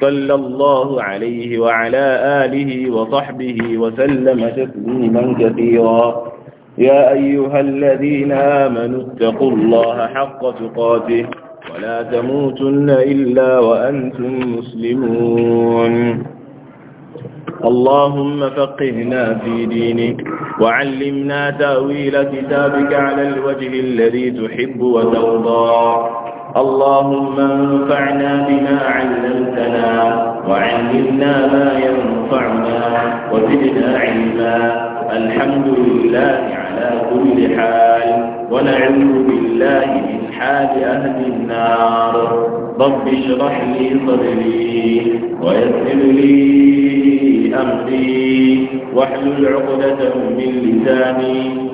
صلى الله عليه وعلى آله وصحبه وسلم تسليما كثيرا يا أيها الذين آمنوا اتقوا الله حق تقاته ولا تموتن إلا وأنتم مسلمون اللهم فقهنا في دينك وعلمنا تأويل كتابك على الوجه الذي تحب وترضى اللهم انفعنا بما علمتنا وعلمنا ما ينفعنا وزدنا علما الحمد لله على كل حال ونعوذ بالله من حال أهل النار رب اشرح لي صدري ويسر لي أمري واحلل عقدة من لساني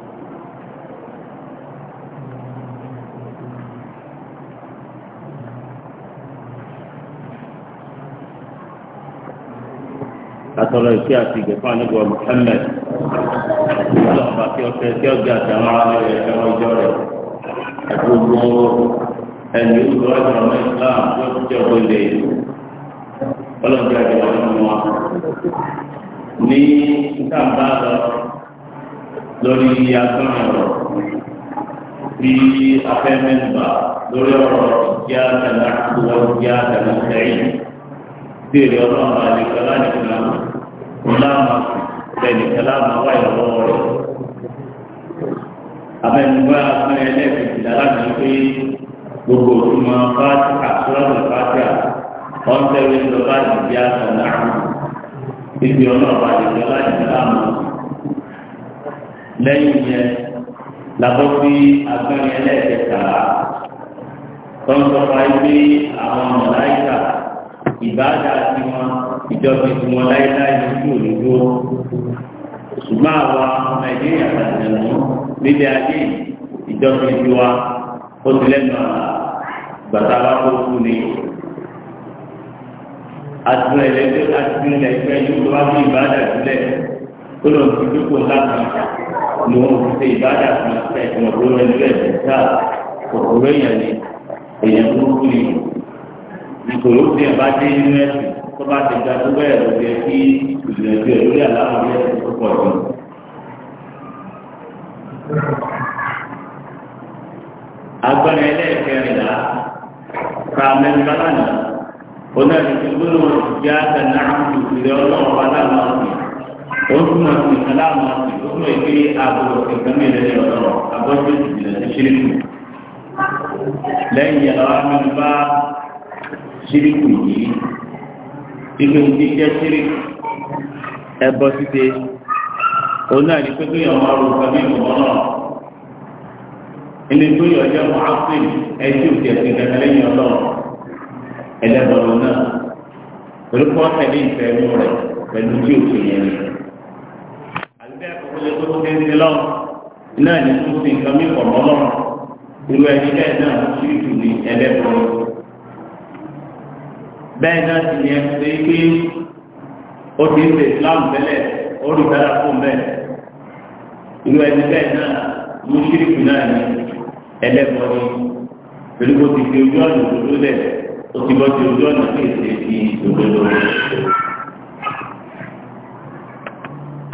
atọ́lọ́ ìṣe àti ìgbẹ̀fọ́ àníbọ̀ Muhammad ọlọ́ọ̀bà tí ọ̀fẹ́ tí ọ̀gá àti àwọn ará rẹ̀ ẹ̀rọ ìjọ rẹ̀ àgbogbo ẹni olùkọ́ ọ̀dọ̀ ọmọ Islam tó ti jẹ́ ọ̀gbọ́n ilé ọlọ́ọ̀dẹ àgbẹ̀wò ọ̀dọ̀ wọn. ní ìtàǹbà lọ lórí agbọ́n ọ̀rọ̀ tí lórí ọ̀rọ̀ ìyá àtàlà àti ìyá àtàlà sẹ́yìn bí èrè ọlọ́ọ̀bà àlè láàmà lẹ́nu kẹláàmà wà ìrànlọ́wọ́ rẹ̀. abẹnugbà fún ẹlẹ́gbẹ̀ẹ́ láti pé gbogbo ìmọ̀ fáti àtúrọ̀lù fáti à ọ̀ntẹ̀wé lọ́ba ìdí àtọ̀ náà ibi ọlọ́ọ̀bà ìdí ọlájì láàmà lẹ́yìn yẹn labọ́ sí agbẹ́rin ẹlẹ́gbẹ̀ẹ́ta tọ́ńtọ́fà ibi àwọn mọ̀láìkà ìbáàdà tiwọn ìjọba ìtumọ̀ láíláí lójú òdodo ṣùgbọ́n àwa nàìjíríà àti ẹ̀rọ nílé ayé ìjọba ìjọba ó ti lẹ́nu gbàtà bá tó kú ni àtúnlẹ̀ lẹ́gbẹ́ àtúnlẹ̀ ẹgbẹ́ yóò wá sí ìbáàdà sílẹ̀ tó lọ sí dípò láti ni wọn fi ṣe ìbáàdà fún ẹ̀ fún ọ̀rọ̀ ẹgbẹ́ ìdíjà òkúrò èèyàn ni èèyàn tó kú ni ìṣòro tí ẹ̀ bá dé nínú ẹ̀sìn tó bá ti ga tó bẹ́ẹ̀ lọ jẹ́ kí ìgbìyànjú ẹ̀ lórí àlámọ̀ yẹn ti tó pọ̀ jù. agbára ẹlẹ́ẹ̀kẹrìnlá ká mẹ́rin bá lánàá onáàdì tí gbọ́dọ̀ ìyá àtàná àti ìrẹ́ ọlọ́run bá lánàá ọ̀sìn ó túmọ̀ sí aláàmọ̀ ọ̀sìn ó túmọ̀ ìgbé àbúrò ìgbàmì ìrẹ́lẹ̀ ọ̀rọ̀ àbọ̀jọ́ ìjìnlẹ̀ sí ṣíríkù lẹ́yìn àwọn mẹ́rin bá ṣíríkù yìí ibi òbí jẹ́ sírí ẹbọ síse òun náà ní pépé yàn máa ro nǹkan bí ìmọ̀ náà ilé tó yọ ọjọ́ mọ́ áfíìn ẹtí òbí ẹ̀sìn kankan lẹ́yìn ọlọ́run ẹlẹ́bọ̀rọ̀ náà orúkọ tẹ̀lé ìfẹ́ inú rẹ̀ pẹ̀lú tí òkè yẹn ni. àlùbẹ́ àkọ́kọ́ lè tó tó dé sí náà ní tó ti nǹkan mí pọ̀ mọ́ lọ́wọ́ irú ẹni bẹ́ẹ̀ náà ṣì tù ní ẹlẹ́bọ̀rọ̀ bẹ́ẹ̀ náà sì ni ẹ ṣe pé ó ti ń ṣe Islam bẹ́lẹ̀ ó rí bẹ́lá fún bẹ́ẹ̀ irú ẹni bẹ́ẹ̀ náà mú ṣírìkì náà ní ẹlẹ́kọ̀ọ́ ni pẹ̀lú bó ti fi ojú ọ̀nà òdodo lẹ̀ ó ti bọ́ ti ojú ọ̀nà tí èsì ti òdodo rẹ̀.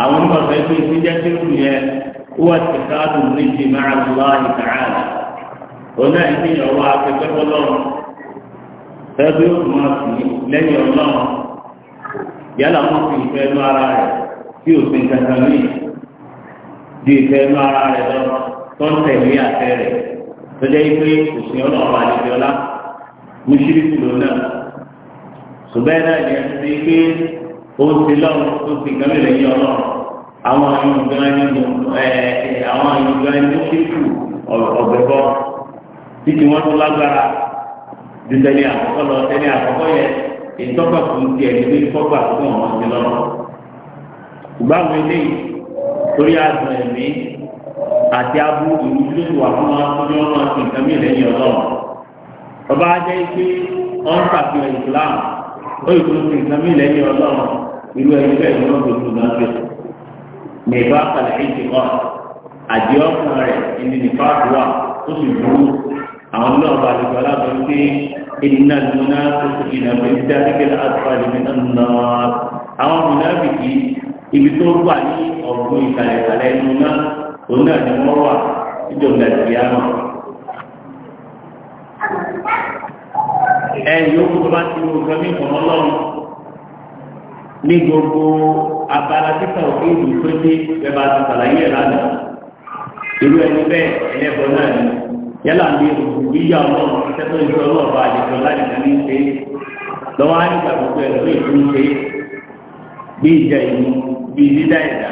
àwọn onímọ̀ọ́fẹ́ pé ìṣẹ́jẹ́ tí ó yẹ wọ́n ti káàdùn méjì máa ń lọ àyíká rẹ̀ òun náà ń tẹ́lẹ̀ yóò tún máa fi lẹ́yìn ọlọ́run yálà wọ́n fi ìfẹ́ inú ara rẹ̀ tí ò sí kankan ní di ìfẹ́ inú ara rẹ̀ lọ tó ń tẹ̀lé àtẹ rẹ̀ tó jẹ́ pé òsìn ọlọ́run àlejò ọlá mú ṣíríkù ló náà ṣùgbọ́n náà ni ẹni tí pé ó ti lọ́run ó ti kàn lẹ́yìn ọlọ́run àwọn ayọ̀gbọ́n nínú àwọn ayọ̀gbọ́n nínú ṣíríkù ọ̀gbẹ̀bọ títí wọ́n tó lágbára dídẹ́ni àkọ́kọ́ lọ tẹ́ni àkọ́kọ́ yẹ ìtọ́kọ̀ fún tiẹ̀ níbi kọ́kọ́ àkọ́kọ́ wọn ti lọ́nà. ìgbàwọ̀ eléyìí torí àgbọn ẹ̀mí àti abú ìwúlò wà fún wọn fún yọ́n náà ti nǹkan mìíràn lẹ́yìn ọlọ́run. ọba ajẹ́ pé wọ́n ṣàfihàn islam ó yẹ kó ti nǹkan mìíràn lẹ́yìn ọlọ́run irú ẹni bẹ́ẹ̀ ni wọ́n gbèsè náà gbé. nìbá kàlẹ́ ìdìbọn àdìọ́kùn rẹ̀ ìdìbọn àdúrà ó àwọn náà bá ti gbọ́ láti pé iná lóná tó ti jìnnà pé ní dáríkẹ́ àtúwájú mi náà àwọn mùnàbìkì ibi tó wà ní ọ̀gbun ìkàlẹ̀kàlẹ̀ inú náà òun náà ni wọ́n wà níjọba ìyá náà. ẹ̀yìn òkú tó bá ti wo nǹkan mí kàn ní gbogbo abala títà òkè ìlú pété bẹ́ẹ̀ bá ti sàlàyé ẹ̀ lánàá irú ẹni bẹ́ẹ̀ ẹlẹ́bọ náà ni yálà ń bí ìgbéyà ọlọ́run tẹ́tọ́ ìjọ ọlọ́ọ̀bá àjẹjọ láti ní ṣe lọ́wọ́ á nígbà gbogbo ẹ̀rọ ètò ń ṣe bí ìjà ìlú bí dídá ẹ̀dá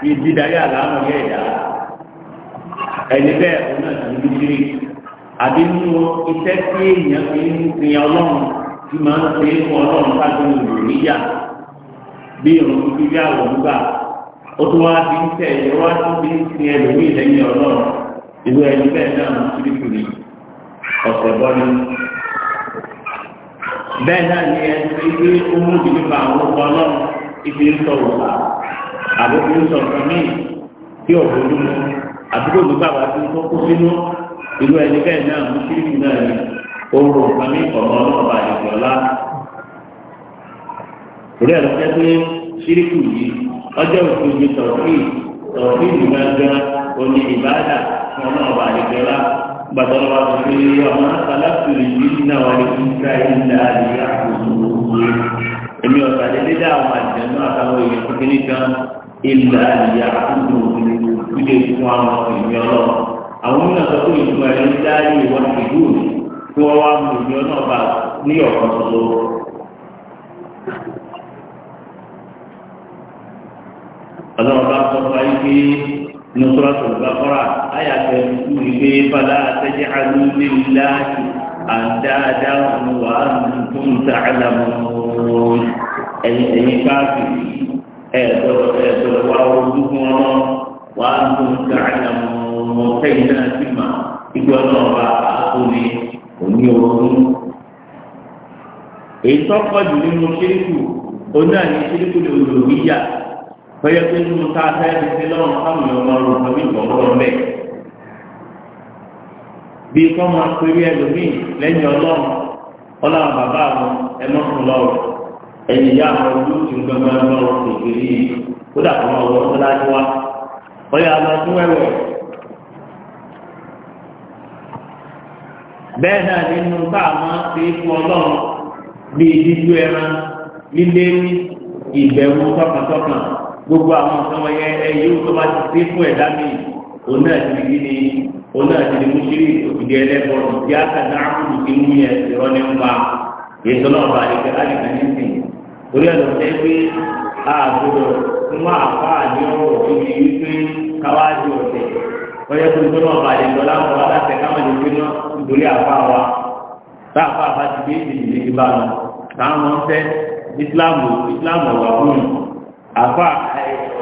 bí dídá yà láàmú yẹ ẹ̀dá ẹni bẹ́ẹ̀ òun náà ti ní kiri àbí nínú iṣẹ́ tí èèyàn fi ń sin ọlọ́run tí máa ń ṣe é fún ọlọ́run káàkiri ìlú níyà bí ìrùn bíbí àwọn gbà ó tún wá fi ń tẹ̀ ẹ̀ wá tún fi ń sin ẹlòmíì lẹ́yìn ọlọ́run ìlú ẹni bẹ́ẹ̀ náà mú síríkù ní ọ̀sẹ̀ bọ́ni bẹ́ẹ̀ náà ni ẹni tí gbé ohun ìdílé bá àwọn ọkọ̀ ọlọ́run ibi ń sọ̀rọ̀ wà àbókù ń sọ̀rọ̀ míì tí ọ̀rọ̀ ojú mu àdúgbò ní bàbá tí ó kó sínú ìlú ẹni bẹ́ẹ̀ náà mú síríkù náà ní oòrùn nǹkan ní ọ̀rọ̀ ọlọ́ọ̀bà ìjọlá orí ẹ̀rọ jẹ́ pé síríkù yìí ọjọ́ òkú ìgbésọ̀rọ̀ fíì sọ̀rọ̀ fíì oní ìbáàdà fún ọlọ́run bá àdìgbẹ́ lá gbàtọ́ lọ́wọ́ tó fi ọmọ alákùnrin yìí náà wà ní kíkà ìlà àdìyà àkókò èmi ọ̀sà dédé dá àwọn àjẹmọ́ àtàwọn èèyàn kékeré kan ìlà àdìyà àkókò ìdè fún àwọn èmi ọlọ́run àwọn mìíràn sọ pé ìtumọ̀ ẹ̀rọ ń dá yìí wọ́n ti dùn kí wọ́n wá mú èmi ọlọ́run bá ní ọ̀kan ṣoṣo ọlọ́run bá sọ fún ayé pé نصرة البقرة آية في فلا تجعلوا لله أندادا وأنتم تعلمون أي كافر وأرجوكم وأنتم تعلمون كينا سما إجوانا وأعطوني ونيورون إن تقبل من شركه هنا شركه الألوهية pẹ̀lú pé nínú tá a fẹ́ fi sí lọ́wọ́ káwọn èèyàn máa rògbò ní ìgbọ̀ngbọ̀n bẹ́ẹ̀. bí kọ́ máa péré ẹlòmíì lẹ́yìn ọlọ́run ọlọ́run bàbá àwọn ẹmọ́ fún lọ́rọ̀ ẹ̀yìn ìyá àwọn ojú ti ń gbẹ̀gbẹ̀ lọ́rọ̀ kékeré yìí kódà kọ́ máa wọ ọ́ láti wá. ọyọ àwọn ọdún ẹ̀wẹ̀ bẹ́ẹ̀ náà nínú tá a máa fi fún ọlọ́run bíi dídú ẹran lílé ìbẹ̀wò tọkàntọkàn gbogbo àwọn nǹkan wọn yẹ ẹyí tó bá ti dé fún ẹ̀dá mi òun náà ti di ní òun náà ti di mùsùlùmí òkùdí ẹlẹ́bọ̀ tí a kà ní àkùdù tí mú yẹ ìrọ́ ní ńpa ètò náà bá àdìgbẹ́ àdìgbẹ́ ní sìn orí ẹ̀ lọ́sẹ̀ pé àgbọ̀dọ̀ fún àpá àdé ọ̀rọ̀ tó fi yí pé káwájú ọ̀sẹ̀ wọ́yẹ kó tó náà bá àdìgbẹ́ láwọn aláṣẹ káwọn lè gbé náà nítorí àpá wa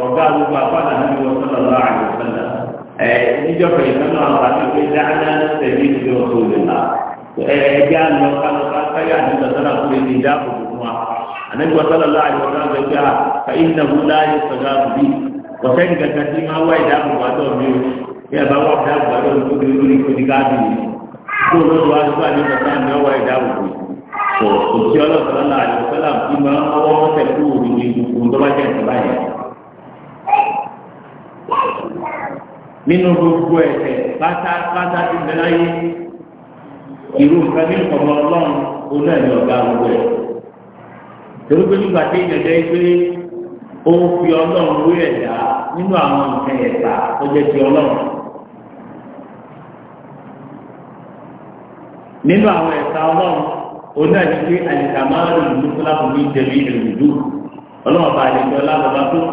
ọ̀gá gbogbo àpáta níbi wọn sọ̀rọ̀ lọ́wọ́ àyè sọ̀rọ̀ ẹ̀ níjọ́ pẹ̀lú sọ́nà ọ̀rọ̀ àti pé dáná tẹ̀lé ìdí ọ̀tọ̀ òde la ẹ̀ẹ́dí àná kálọ́ká káyà nígbà sọ́nà kúrẹ́ ní ìdáàbò fún wa àníbi wọn sọ̀rọ̀ lọ́wọ́ àyè sọ̀rọ̀ àti pé ká ìnáwó láàyè sọ̀rọ̀ àbúrí ọ̀sẹ̀ nìkan kan tí máa wá ìdáàbò wá dọ̀ mí òtí ọlọ́sọ̀rọ̀ náà àyọ̀sọ́lá ti máa ń ọwọ́ mọ́tẹ̀ kúrò níbi gbogbo tó bá jẹ́ ìtọ́lá yẹn. nínú gbogbo ẹ̀ṣẹ̀ pátápátá ti bẹ láyé ìlú nǹkan ní ọmọ ọlọ́run oná ẹ̀mí ọ̀gá gbogbo ẹ̀. torí pé nígbà tí pé ó fi ọlọ́run wé ẹ̀dá nínú àwọn nǹkan ẹ̀ta tó jẹ́ ti ọlọ́run. nínú àwọn ẹ̀ta ọlọ́run oná ẹ̀mí pé àyíká máa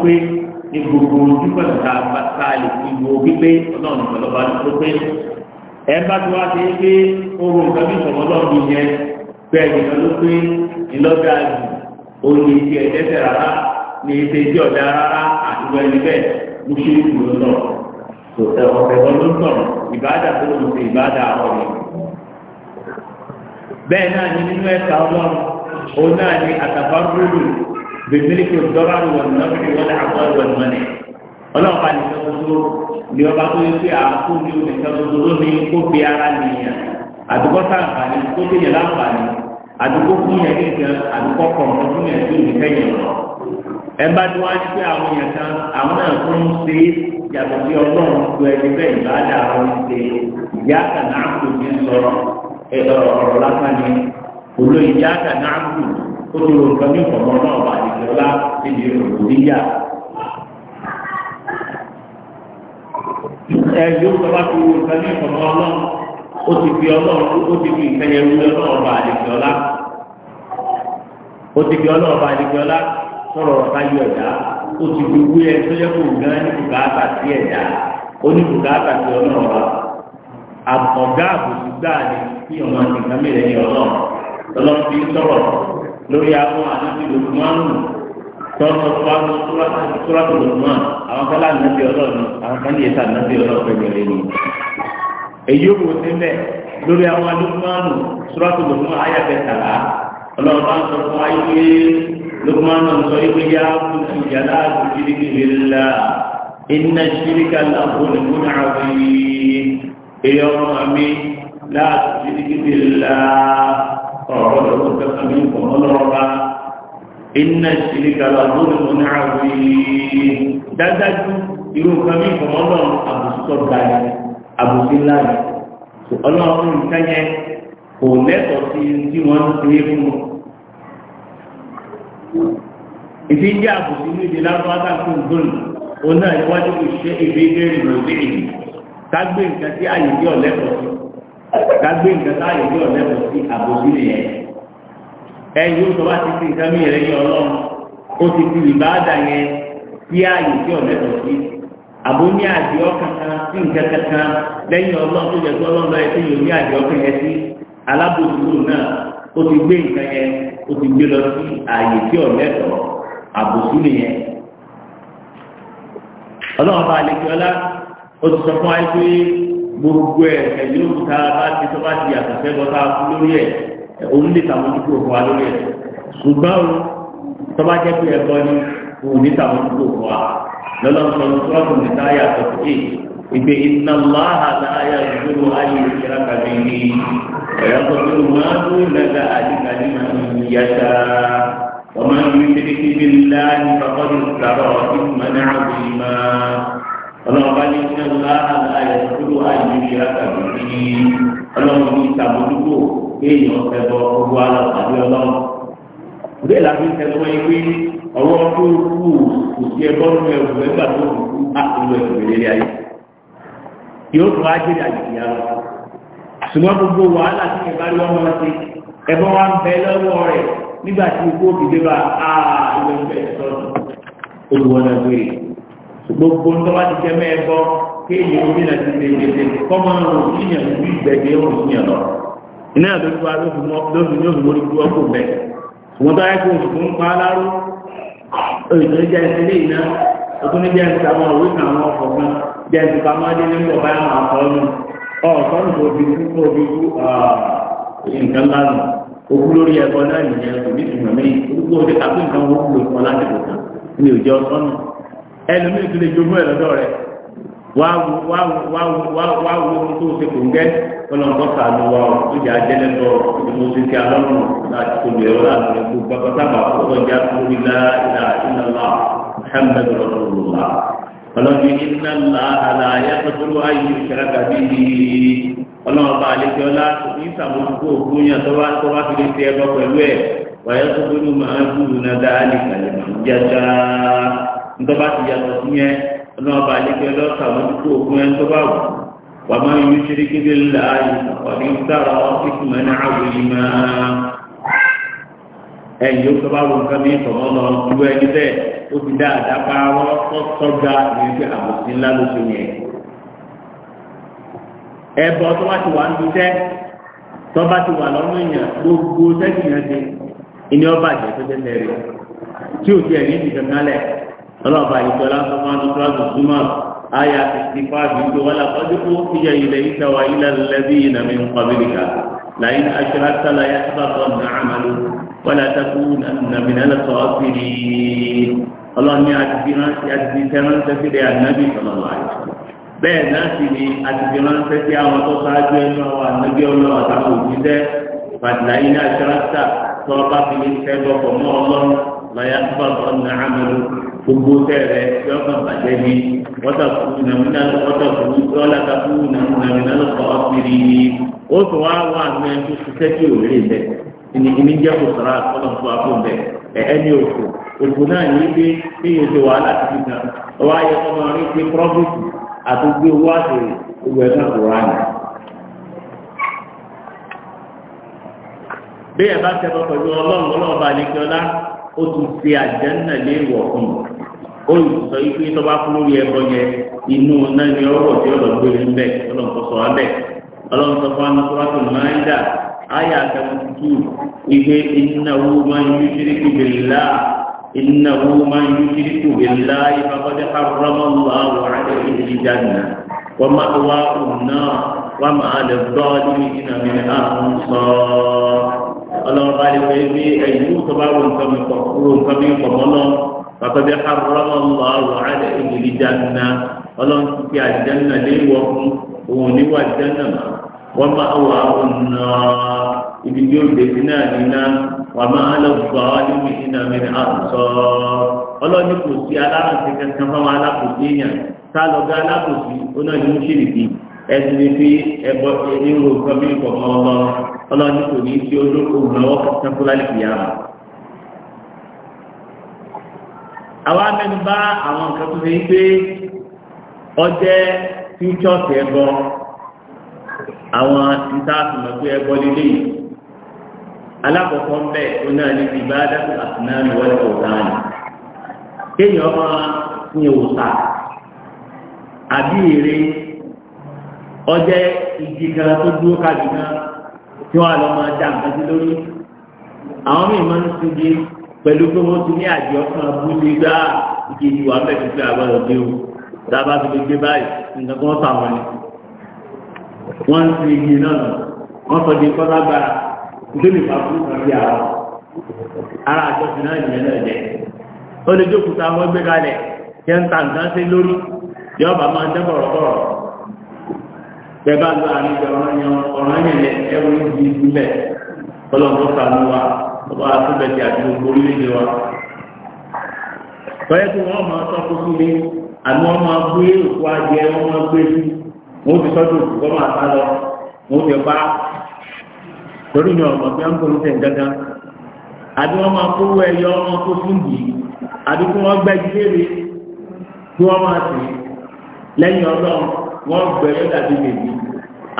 ń ní gbogbo ojú pẹ̀lú ta ta lè fi wo wípé ọlọ́run pẹ̀lú ọba ló pé ẹ bá ti wá ṣe é pé oorun nǹkan bí ìṣọ̀mọ́ ọlọ́run yẹn bẹ́ẹ̀ nìkan ló pé ńlọ́gà jù òní ti ẹ̀dẹ́sẹ̀ rárá ní ètè ìdí ọ̀dà rárá àti ẹni bẹ́ẹ̀ mo ṣe é kúrò lọ. ọ̀pẹ̀ wọn ló ń sọ̀rọ̀ ìbáàdà tó lòun ṣe ìbáàdà àwọn ọ̀rẹ́. bẹ́ẹ̀ náà ni nínú ẹ̀ka bẹ̀mílíkì ọ̀dọ́rọ̀ àwọn ọ̀nàmì wọlé àwọn ọ̀wọ̀n mọ́ni ọlọ́ọ̀pá nìkan tó ní ọba tó yẹ pé àkókò ní nìkan tó tó ní kó fi ara nìyàn àdúgbò sàǹfààní kó tó yẹ láǹfààní àdúgbò fún yẹn nìkan àdúgbò kọ̀ọ̀kan fún yẹn tó nìkan yẹn lọ. ẹ bá tó wá ní pé àwọn yẹn kan àwọn náà tó ń ṣe yàtọ̀ sí ọlọ́run tó ẹni bẹ́ẹ̀ ìbáàdà àwọn ṣe ìyá kan náà kò ní sọ̀rọ̀ ọ̀rọ̀ lásán ni olóyè ìyá kan náà kù ó ti rò nǹkan ní ìfọ̀mọ́ náà bá àdìgbò ọlá níbi ìròyìn níyà. ẹ̀yọ́ tó bá ti rò nǹkan ní ìfọ̀mọ́ ọlọ́run ó ti fi ọlọ́run ó ti fi ìfẹ́yẹ wí ọlọ́run bá àdìgbò ọlá. ó ti fi ọlọ́run bá àdìgbò ọlá sọ̀rọ̀ ọ̀tá yọ ẹ̀dá ó ti fi wí ẹ tó yẹ kó gan ní bùkátà sí ẹ̀dá ó ní bùkátà sí ọlọ́run wa ọ̀gá àbòsí gbáà ni kí ọmọ nìkan mìíràn ní ọlọ́run ọlọ́run fi sọ̀rọ̀ lórí àwọn ànábì lòkùnmánù tọ́lọ́ fáwọn sóràtò lòkùnmánù àwọn kọ́lá ànábì ọlọ́run àwọn kan lè ta ànábì ọlọ́run pẹ̀lú ẹni. èyí ò wò sí mẹ́ lórí àwọn lòkùnmánù sóràtò lòkùnmánù ayà kẹtàlá ọlọ́run bá ń sọ fún ayé pé lòkùnmánù sọ pé yá kùn sí yàrá iná ṣíríkà láàbùn ìmúnà àwọn èèyàn ọmọ mi láàbùn ìdíkìtì láà ọ̀rọ̀ lọ́wọ́ kẹta ní ìkọ̀mọ́ lọ́wọ́ra iná ìṣìlíkà lọ́wọ́ ní àwí dájájú irú nǹkan ní ìkọ̀mọ́ lọ́wọ́ àbùsùtọ̀ gbáyé àbùsí láyé ọlọ́run nǹkan yẹn kò lẹ́tọ̀ọ́ sí tí wọ́n ń ṣe é fún un ìdí jẹ́ àbùsí kágbé nǹkan táyé bí ọ̀lẹ́ bọ̀ sí àbòsí nìyẹn ẹ̀yìn ó sọ wá ti fi nǹkan mí rẹ̀ yẹ ọlọ́run ó ti fi ìbá dà yẹn sí ààyè tí ọ̀lẹ́ bọ̀ sí àbò ní àdìọ́ kankan sí nǹkan kankan lẹ́yìn ọlọ́run tó yẹ kí ọlọ́run lọ́yẹ tí yóò ní àdìọ́ kan yẹn sí alábòsíwò náà ó ti gbé nǹkan yẹn ó ti gbé lọ sí ààyè tí ọ̀lẹ́ bọ̀ àbòsí nìyẹn ọlọ́run bá àlejò ọlá ó ti sọ fún wa pé gbogbo ẹ̀ ẹ̀yọ́ òkúta bá ti tó bá ti yàtọ̀ sẹ́gbọ́ tá a kú lórí ẹ̀ òun lè tàmójúkúrò fún wa lórí ẹ̀ ṣùgbọ́n o tó bá jẹ́ pé ẹ̀kọ́ ni òun ní tàmójúkúrò fún wa lọ́lọ́sọ sọ́ọ̀tù ní táyà tó ti ìgbé iná láhà láyà ìṣòro ayé ìṣẹ́ra kàbí ní ẹ̀yà tó ti rò máa ń lò lẹ́gà àdìgàdì máa ń yàtà ọmọ ìlú ìṣẹ́kẹ́kẹ́ bí láàyè bàbá ọlọ́run bá ní iná ńlá àlàyé kúrò àìyíṣẹ́ àtàkùn sí ọlọ́run ní ìsàmójúkò kéèyàn ẹ̀bọ owó alọ́ tàbí ọlọ́run. bẹ́ẹ̀ la fi ń tẹnu wáyé pé ọ̀rọ̀ tó kú kò sí ẹbọ nínú ẹ̀wù ẹgbà tó kù kú àkùnrin ẹ̀wù ìlérí ayé. yóò tún á jẹ́rìí àjèjì ara ṣùgbọ́n gbogbo wàhálà tí ìbá rí ọmọ ṣe ẹbọ wa ń bẹ lọ́wọ́ rẹ̀ nígbà tí ikú òbí dé bá a ìwé ń bẹ̀ sọ́ọ̀tù olùwọ́n náà gbére gbogbo ń tọ́wá ti kẹ́ mẹ́ẹ̀kọ́ kéèyàn orí náà ti tẹ̀lé tẹ̀lé kọ́mọ ọ̀rùn yíyàn ní ìgbẹ̀gbẹ̀ ọ̀rùn yíyàn lọ. iná lórí wa lóṣù ní oṣù mórí gbúwọ́ kò bẹ́ẹ̀. ṣùgbọ́n tó ayé kó oṣù tó ń pa aláró òyìnbó jẹ́ ìṣẹ́lẹ̀ iná òtún ní jẹ́ ní pọ̀ báyà máa kọ́ ọ́nù ọ̀ọ́sọ́nù tó kú kó fi kú nǹkan lánàá òkú náà ẹlòmíì tó lè jogún ẹ lọ́dọ̀ rẹ̀ wàá wo wàá wo wàá wo wàá wo ohun tó ṣe kò ń gẹ́ ọlọ́nkọ́ sàánú wa ọ̀ tó jẹ́ ajẹ́lẹ̀ bọ̀ ìdìbò ṣe ti alọ́run láti tóbi ẹ̀rọ láti rẹ̀ gbogbo pátápá ọ̀pọ̀ ìjà lórí láìlà ìlàlá Muhammad rasulullah ọlọ́ni iná ńlá àlàyé pẹ̀lú ayé ìṣẹ̀lẹ̀kà bíi ọlọ́ọ̀bá àlejò ọlá ní ìsàmójúkú òkú yàn tó bá tó bá fi lè ṣe ẹbọ pẹ̀lú ẹ̀ wàyẹ́ tó gbónú máa ń dùn náà dáa nìkan lè ntọ́ba ti yàtọ̀ sí yẹn ọlọ́ọ̀bà àlejò ọlọ́ọ̀ta mọ́tòkó òkun ẹ̀ ntọ́ba wò wà má yọ ṣeré kébé ńlá ìfọ̀kọ̀dé sára ọ́fíìsì mọ́ ní àwòrán máa ẹ̀yìn ó tọ́ba wò nǹkan mi tọ̀mọ́ lọ ju ẹni bẹ́ẹ̀ ó ti dá àdápa wọ́n tọ́ga ìrìnkè àbòsí ńlá lóṣù yẹn. ẹ̀bọ tó bá ti wà ń dúdẹ́ tó bá ti wà lọ́nà èèyàn gbogbo sẹ́kìyàn ti ìní ọba àjẹsọ́jẹ́ tẹ̀lé tí ò ọlọ́ọ̀bà ìjọlá sọ́kàn ní kíláàsì súnmọ́ àyà sixty five yìí wọ́n làkọ́jú kó fìyà ilẹ̀ ìtawà ilẹ̀ lẹ́bí ìnàmì nkọ́bìlìkà làyín aṣọ́lá láyà sábàtọ̀ nàámàlú wọ́lá takú nàmì nálà sọ́ọ́sìrì ọlọ́ọ̀ni àti fẹ́ránṣẹ́ sí ilẹ̀ ànábì sọ̀rọ̀ bẹ́ẹ̀ náà sì ni àti fẹ́ránṣẹ́ sí àwọn tó ṣáájú ẹnu àwọn ànábì ọlọ́ọ̀ àtàkùn òjíṣẹ́ pàtàkì láyín lọ́yà gbọ́dọ̀ ọ̀nà àmàlù gbogbo tẹ̀rẹ̀ yọ̀ọ̀kan bàjẹ́ ni wọ́tàkùnrin nàmínà lọ́kọ̀ ọ̀sìnrì ni ó tó wá wà ní ẹni tó ṣiṣẹ́ tí ò lè bẹ̀ ní ní jẹ́ kó sọ̀rọ̀ àkọ́lọ̀ fún akó bẹ̀ ẹni òkú òkú náà ní pé bí yóò ṣe wàhálà ti fi kan ọwọ́ ayé ọmọ rí pé prọ́fìtì àti gbé owó àtẹ̀rẹ̀ gbogbo ẹ̀ka kò rà ní. bí ẹ bá tẹ́ bọ́ pẹ̀lú ọlọ́run ọlọ́ọ̀bá àlejò ọlá ó tún ṣe àjẹ́nà lé wọ̀ fún un olùsọ ikú tó bá kú lórí ẹbọ yẹn inú náà ni ọ̀rọ̀ tí ọlọ gbé ní bẹ Ọlọ́run tó sọ wá bẹ Ọlọ́run tó fọ àwọn tó máa ń dà áyà seventy two ìgbé innahu man yushriku billah innahu man yushriku billahi faqad harrama Allahu alayhi al-jannah wa ma'wahu an-nar wa ma lil-zalimina min ansar Ọlọ́run bá bí ẹ̀yìn tó bá wo nǹkan mi kọ̀ ro nǹkan mi kọ̀ mọ́ lọ bàbá bí arọ́mọ lọ àrò àlẹ́ ìgbèlè jáná ọlọ́run ti fi àjẹ́nà lé wọ fún òun níwà àjẹ́nà mọ́ wọ́n máa wà ọ̀nà ibi tí ó lè fi náà níná wà máa lọ gbà ọ́ nínú iná mi àtọ́ ọlọ́run kò sí alárànṣẹ́ kankan fáwọn alákòóso èèyàn tá lọ gá alákòóso ó náà ní mú ṣèlè ẹsìn ní fi ẹbọ ẹni ro nǹkan bí nǹkan kan lọ kò ní í ṣe olóko ìnáwó kankan fúlàní kìyàmù. àwa mẹ́nu bá àwọn nǹkan tó ṣe pé ọjẹ́ fíútsọ́ọ̀sì ẹ̀bọ àwọn ìtàkùnmọ̀ pé ẹ̀bọ lílé yìí alákọ̀ọ́kọ́ ń bẹ̀ tó náà ní ti bá dákùn àtúnáàmì wọlé ọ̀gáàn kéèyàn ọmọ ní òòsà àbí èrè ọjẹ́ igi kan tó dúró kájú kan tí wọ́n á lọ pẹ̀lú pé wọ́n ti ní àjọ kan abúlé gbá ike ìwà mẹ́fì pé àgbọ̀dọ̀ dé o dábàá fi lè gbé báyìí nǹkan kan sàwọn ni wọ́n ń náà wọ́n sọ di kọ́lá gba ìdílé pàtó náà náà jẹ ó lè jókòó wọ́n gbé kalẹ̀ ń ta nǹkan sí lórí máa ń bọ̀rọ̀bọ̀rọ̀ bẹ́ẹ̀ bá lọ àríjọ ọ̀rọ̀ yẹn lẹ̀ ẹ̀rọ ìdí ìdílẹ̀ kọlọ́mù sànú wa ọba àtúbẹ̀tì àti gbogbo orílẹ̀-èdè wa. tọ́yẹ́ tí wọ́n máa sọ fún mi àmì wọ́n máa gbé òkú adìẹ wọ́n máa gbé sí wọ́n ti sọ́jú òkú kọ́ máa sá lọ wọ́n ti bá torí ni ọ̀mọ̀ fi ń kó lóṣẹ̀ gángan àbí wọ́n máa kówó ẹyọ ọmọ kó síndì àbí kí wọ́n gbẹ́ ìbéèrè kí wọ́n máa sì lẹ́yìn ọlọ́run wọ́n gbẹ́ yọ́dàbí bèbí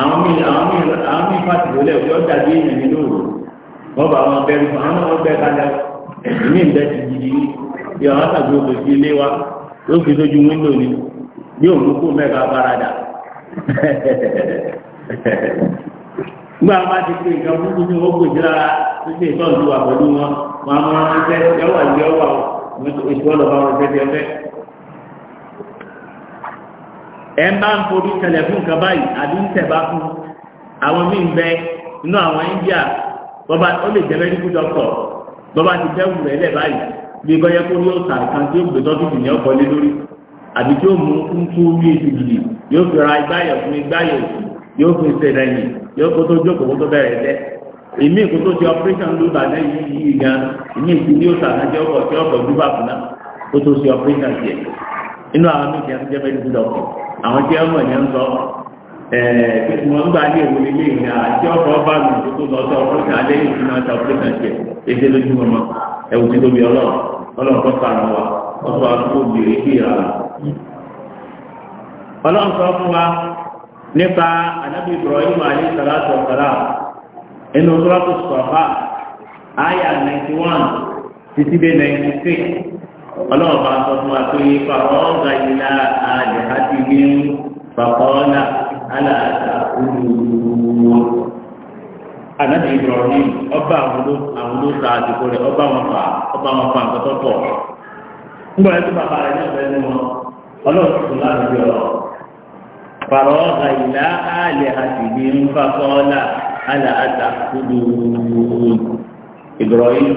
àwọn míì àwọn míì fásitì lólẹ̀ yọ́dàbí èèyàn nínú òòrùn wọ́n bá wọn àwọn ọmọ kalẹ̀ ìmí ìbẹ́ ti di bí sí ilé wa ló fi lójú wíńdò ni bí òun mẹ́ta farada. a ti pè nǹkan fúnfún lára wọn, wọn a máa ń fẹ́ wọn fẹ́ fẹ́ fẹ́. Ẹ bá ń forí fún nǹkan báyìí àbí ń India bọ́ba ó lè jẹ́ mẹ́díkù dọ́kítọ̀ bọ́ba ti dẹ́wù rẹ̀ lẹ̀ báyìí bí gbọ́yẹ́ kó yóò ta nǹkan tí ó gbé dọ́kítì ní ọkọ̀ lé lórí àbí tí ó mú nkú orí èsì gidi yóò fi ra igbáyọ̀ fún igbáyọ̀ òsì yóò fi ṣe lẹ́yìn yóò kó tó jókòó kó tó bẹ̀rẹ̀ lẹ́ èmi kó tó ti operation ló bà náà yí yí gan èmi ìsìn ní òsà náà jẹ́ ọkọ̀ tí ọkọ̀ dúbà fún náà kó tó ti operation tiẹ̀ inú àwọn méjì àti ẹ ìtumọ̀ngbà ní èwo ilé ìhìn àti ọ̀pọ̀ ọba mi tó lọ sí ọpọ́lọ́sì alẹ́ yìí ti máa ta àti èdè lójú ọmọ ẹ̀wù tí tóbi ọlọ́run ọlọ́run tó sànù wa ọtọ́ àkókò bèrè sí ìrànlọ́. ọlọ́run sọ fún wa nípa anábì Ibrahim alẹ́ ẹnu 91 títí dé 96 ọlọ́run bá sọ fún wa pé ìlà àdìhàtì aláàtà olùwòwò ànábì Ibrahim ọba àwọn olóòtú àdìgbò rẹ ọba wọn fà ọba wọn fà nǹkan tó pọ̀ ńgbọ́n ẹ̀ tó bàbá rẹ̀ ní ọ̀bẹ nínú ọlọ́run tuntun láti bí ọ̀rọ̀ fàrọ̀ ọ̀gá ìlà àlẹ́ àtìgbì ń fa kọ́ọ́lá aláàtà olùwòwò Ibrahim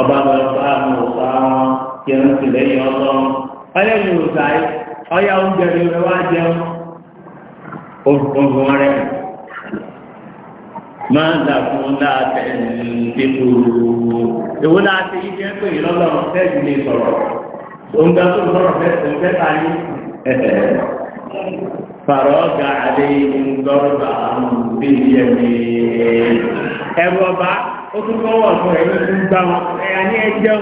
ọba wọn fà àwọn ọ̀fà wọn kí ẹ̀ tìlẹ́yìn ọlọ́run ọlẹ́yìn òòsà ọ̀yà oúnjẹ rẹ̀ wá jẹun orúkọ rẹ̀ máa ń dà fún láàtẹ̀ ìdíkù ìwọ láti yí jẹ́ pé ìlọ́lọ́rọ̀ fẹ́ẹ̀dì lè sọ̀rọ̀ oúnjẹ tó sọ̀rọ̀ fẹ́ẹ̀dì fẹ́ẹ̀ta yí fàrọ́gà àdé ìgbọ́rọ̀bà bíi ẹ̀mí ẹ̀rọ ọba ó tún kọ́wọ́ ọ̀sán ẹ̀mí tó ń gbà wọn ẹ̀yà ní ẹjọ́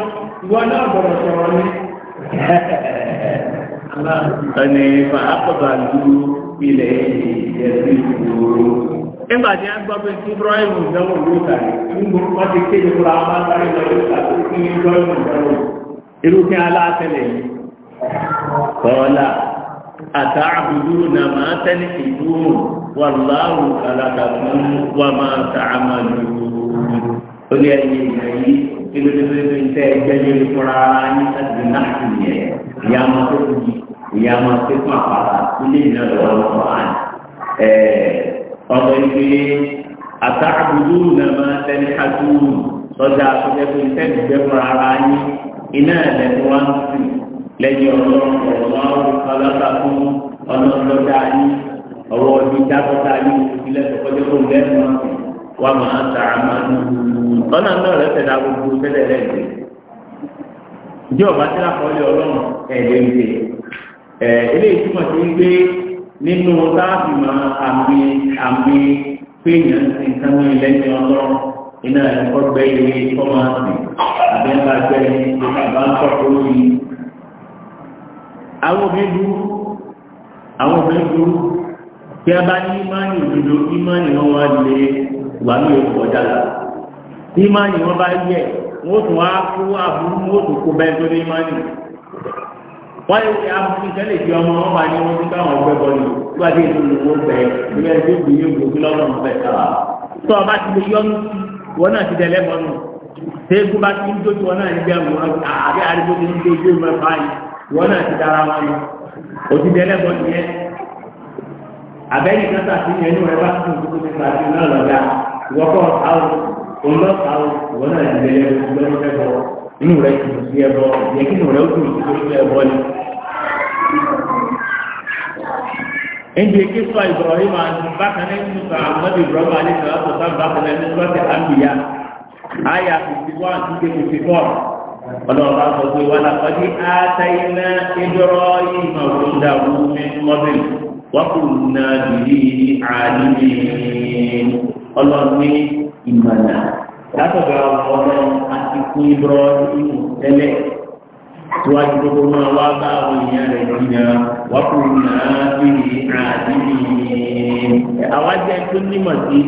ìwọ náà gbọ́dọ̀ sọ̀rọ̀ ní. ọ̀nà ìfà àkọ́bà dúró ilẹ̀ ìjẹsí ìgboro. nígbà tí a gbọ́ pé kí Ibrahim ìdánwò ló tàbí nígbà wọ́n ti kéde fúra wọn sáré lọ ló tàbí kí Ibrahim ìdánwò irú kí aláàtẹ̀lẹ̀ yìí. kọ́lá àtàbùdú na máa tẹ́lẹ̀ ìdúró wà láàrùn alákàtún wà máa tààmà lòó. ó ní ẹ̀yìn ìgbẹ̀yìn kí ló dé tó ń tẹ́ ẹgbẹ́ lórí fúnra ara yín láti náà nìyẹn ìyá máa tó kù yìí ìyá máa ké fún àpáta ilé ìlú ọ̀rọ̀ ọ̀rọ̀ àná ọ̀rọ̀ ìgbé àtàkùdù náà máa tẹ́lẹ̀ àdúrú sọ́jà àtúndẹ́gbẹ́ ìtẹ́gbẹ́ fún ara yín iná ẹ̀lẹ́nu wá ń sìn lẹ́yìn ọlọ́run ọ̀rọ̀ ọlọ́ta fún ọlọ́dọ́dá yín ọwọ́ ọdún jákọ́tà yín ìpínlẹ̀ tọkọjọ́ tó lẹ́nu wà máa tà á máa ń lù ọ̀nà náà rẹ̀ ele túmọ̀ sí pé nínú láàbì máa àmì àmì péyàn ti nǹkan ní lẹ́yìn ọlọ́run iná ẹ̀kọ́ gbẹ́ ilé fọ́mọ́sì àbí ńlá gbẹ́ ilé bàbá ń tọ́ lórí. àwọn obìnrin dúró àwọn obìnrin dúró tí a bá ní ìmáànì òdodo ìmáànì wọn wá lè wà ní dára wọ́n yóò fi àwọn ìṣẹ́ lè fi ọmọ wọn bá ní wọn ti ká wọn gbẹ bọ́ọ̀lù nígbà tí èso lòwó gbẹ ìgbẹ́ tí ó gbìyànjú gbòógì lọ́nà ọ̀fẹ́ káà tó ọba ti lè yọ wọn náà ti dẹ̀lẹ́ mọ́nu tẹ́gbù bá ti ń dojú wọn náà níbi àwọn àbí àdìgbò ti ń dojú mẹ́fà yìí wọn náà ti dára wọn ni ó ti dẹ̀lẹ́ mọ́nu yẹn abẹ́yìn kátà sí yẹn ní wọn bá tún tuntun nípa àti inú rẹ̀ ti dùn sí ẹbọ yẹ kí inú rẹ̀ ó dùn sí orí ẹbọ ni. Ẹnjẹ kí sọ Ibrahim bákan náà nínú sọ àmọ́dé Ibrahim alẹ́sọ̀ ọ̀tọ̀ sáà bákan náà nínú sọ́ọ̀tì àmìyá. Àyà fifty one to fifty four. Ọlọ́ọ̀bá sọ pé wà lápàdé àtàyínà ìdọ́rọ̀ yìí mà wọ́n dàrú ní mọ́bìlì. Wọ́n kò nà bìrì àdìmí. Ọlọ́ọ̀ni ìmọ̀nà látọ̀dọ̀ ọ̀nà àtìkú ibùrọ̀ ìwò tẹ́lẹ̀ síwájú gbogbo máa wá bá àwọn èèyàn rẹ̀ jìnnà wá kò náà bìrì àdìrì àwọn jẹ́ tó nímọ̀ sí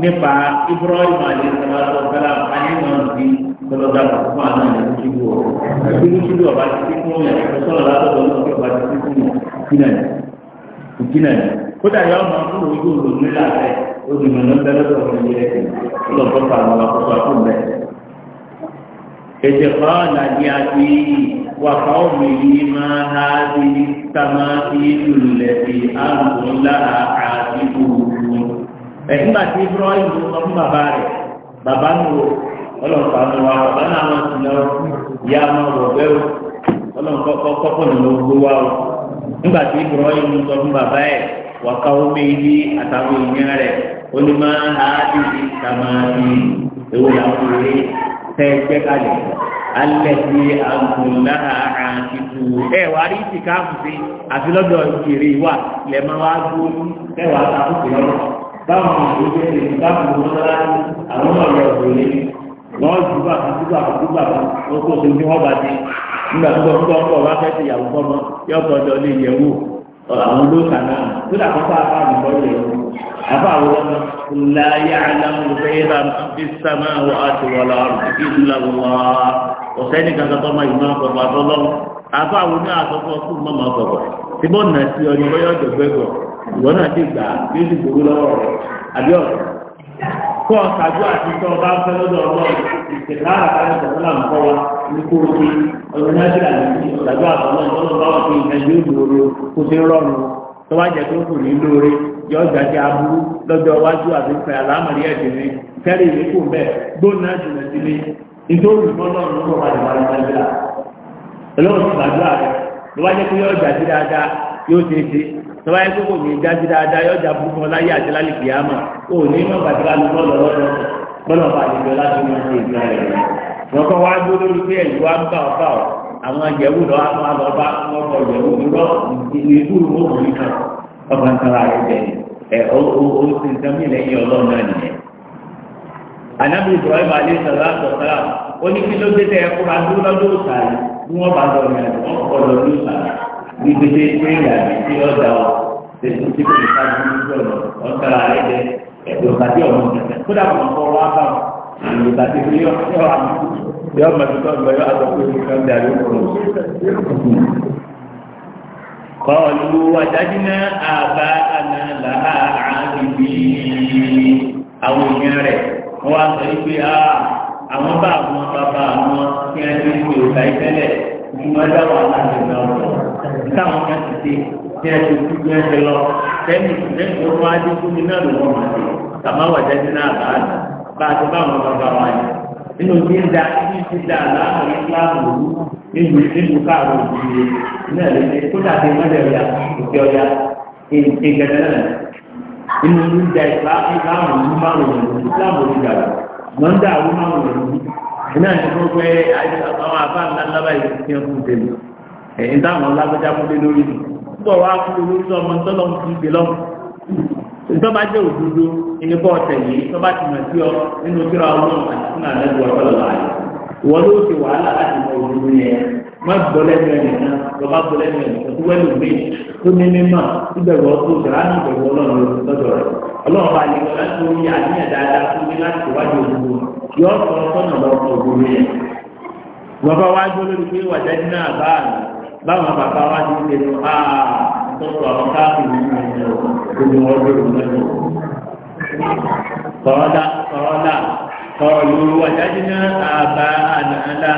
nípa ibùrọ̀ ìwà àdìsọ́lá sọ́kọ́lá àníwọ̀n sí sọ́lọ́dà fún àwọn ẹ̀rọ ṣubú ọ̀rọ̀ ṣubú ṣubú ọ̀bá ti fi fún ọ̀yà sọ́lọ́ látọ̀dọ̀ lọ́sọ̀rọ̀ ọ̀bá ti fi fún ìjìnà kódà yọ olùmọ̀ ló ń bẹ lọ́dọ̀ ọ̀rọ̀ yẹ lọ́kọ́ fà wọn àkókò àkókò bẹ̀. ètò kan làdí àti wàkà omi yìí máa ha bí sàmá ìlú lẹ́bi àrùn lára àti òòrùn. ẹ̀yìn bá ti bọ́ ìlú sọ fún bàbá rẹ̀ bàbá nù ọlọ́pàá nù wa bàbá náà máa ti lọ ìyá máa wọ̀ bẹ́ẹ̀ o ọlọ́pàá kọ́kọ́ nù lọ gbó wa o nígbà tí ìbúrọ̀ ìlú fún bàbá ẹ̀ wàkà omi yìí àtàwọn èèyàn rẹ̀ onímọ̀ àádì kàmáàdì ewu làwọn eré tẹ́gbẹ́ kalẹ̀ alẹ́ sí àgùnlá àtìkù ẹ̀ wà rí ti káàmù sí àti lọ́dọ̀ ìkèrè wà lẹ̀ máa wá dúró ẹ̀ wà sáfùkù lọ́rọ̀ báwọn ìgbésẹ̀ lè ní báwọn ìgbésẹ̀ láti àwọn ọ̀rọ̀ òṣèlú wọ́n ju bàbá ju bàbá ju bàbá wọ́n kó so ní wọ́n bá dé nígbà tó ń bọ̀ ń bọ̀ wá fẹ́ ti yàwó fọ́mọ yọ̀ọ̀kọ̀ أفعلم قل لا يعلم الغيب من في السماوات والأرض إلا الله وسيني كتطمع إمام قبات الله أفعلم أتطمع كل ما قبات تبون نسي أن يبقى يجبه ìwọ́n àti ìgbà bí ó sì gbogbo lọ́wọ́ rẹ̀ àbí ọ̀rọ̀ kọ́ ṣàjú àti tọ́ bá ń fẹ́ lọ́dọ̀ ọlọ́run ìṣẹ̀lá àtàrí ìṣẹ̀lá ń kọ́ wa ní kó ọ̀rọ̀ náà ti rà ní ṣàjú àtọ̀ náà bá wà pé ìṣẹ́jú ìgbòho kó ṣe rọrùn tó wá jẹ́ pé kò ní lóore yọ gbàgbé aburú lọ́jọ́ iwájú àti pẹ̀ alámọ̀rí ẹ̀dín ni kẹ́rì mi kò bẹ́ẹ̀ gbóná jùlọ sí mi nítorí ọlọ́run ló wà ní wàlúwà nígbà ọlọ́run ti gbàdúrà rẹ̀ tó wá jẹ́ pé yọ gbàgbé dáadáa yóò ṣe é ṣe tó wá jẹ́ pé kò ní gbàgbé dáadáa yọ gbàgbé fún ọláyé àti lálẹ́ kìámà kò ní mọ̀ gbàdúrà lọ́lọ́run lọ́lọ́ àwọn àjẹwò lọ àwọn àlọba lọkọ àjẹwò lọ ìlú wọn wọn yìí kan ọba nsọra rẹ jẹ ẹ o o o ti sẹmi lẹ́yìn Ọlọ́run náà nìyẹn. anabi ibrahim alayhi salatu wa salam ó ní kí ló dé tẹ ẹkọ máa dúró lọ́dún òsàlẹ bí wọn bá lọ rìn àjọ wọn kọ lọ́dún òsàlẹ ní gbèsè pé ìyàgbé tí ọjà ọ tẹsí tí kò ní ká dúró lọ ọ̀sàlẹ rẹ jẹ ẹ̀dùn kàdé ọ̀run kódà kò ń kọ́ wá bá wọn ìgbà tí kò yọ yọ mọ̀tòtò ọgbà yọ àtọ̀kù yìí kan dà ló kọ̀ kọlu wàjájínà àbá àná làá àbìbí àwọn èèyàn rẹ̀ wọ́n wá sọ wípé àwọn bá àwọn bàbá àwọn tí wọ́n ti ń pè ọ̀gá ìtẹ́lẹ̀ ìgbìmọ̀ dáwọ̀ aláàbẹ̀ náà lọ táwọn kan ti ṣe tí wọ́n ti kú bí wọ́n ti lọ tẹ́lẹ̀ tẹ́lẹ̀ tó wá dé fún mi náà lọ́wọ́ màdé tàbá wàjájínà àbá àná bá a ti bá àwọn bàbá wa yìí nínú tí ń da ní ti da láàmú ìsìláàmù nínú nínú káàró òjìlé náà lè ṣe kó dàbí mọ́lẹ̀ ọ̀yà òkè ọ̀yà ìgbẹ̀dẹ̀lẹ̀ nínú tí ń da ìsìláàmù ìsìláàmù ìsìláàmù ìsìláàmù ìdàgbà mọ́ńdà àwọn máa wọ̀ ní náà ní gbogbo àwọn àbá ńlá lábá yìí ti ń fún tèmi ẹ̀yìn táwọn lágbájá kúlé lórí bọ̀ wá kúlé lórí ọmọ tọ́lọ́ ìtọ́ba jẹ́ òdodo ìníbọ̀ tẹ̀lé ìtọ́ba ti mọ̀ sí ọ nínú kíra ọlọ́run àti fún àlejò ọlọ́lá rẹ̀ ìwọ ló ṣe wàhálà láti mọ òdodo yẹn má gbọ́lẹ́ mẹ́rin náà lọ́ba gbọ́lẹ́ mẹ́rin tó wẹ́lú mi tó ní mímọ́ síbẹ̀rù ọkọ̀ ìṣẹ̀lá ní ìbẹ̀rù ọlọ́run lọ́dọ̀ rẹ̀ ọlọ́run bá lè lọ́la tó yẹ àníyàn dáadáa fún mi láti wájú òdodo yọ sọ sọ́nà lọ́kọ̀ tọ́tọ̀ àwọn káàkiri nínú ẹ̀yẹ o gbogbo wọn gbèrò lọ́jọ́ kọ́ọ́dà kọ́ọ́dà kọ́ọ̀lù wàjáde náà àbá àdáńdá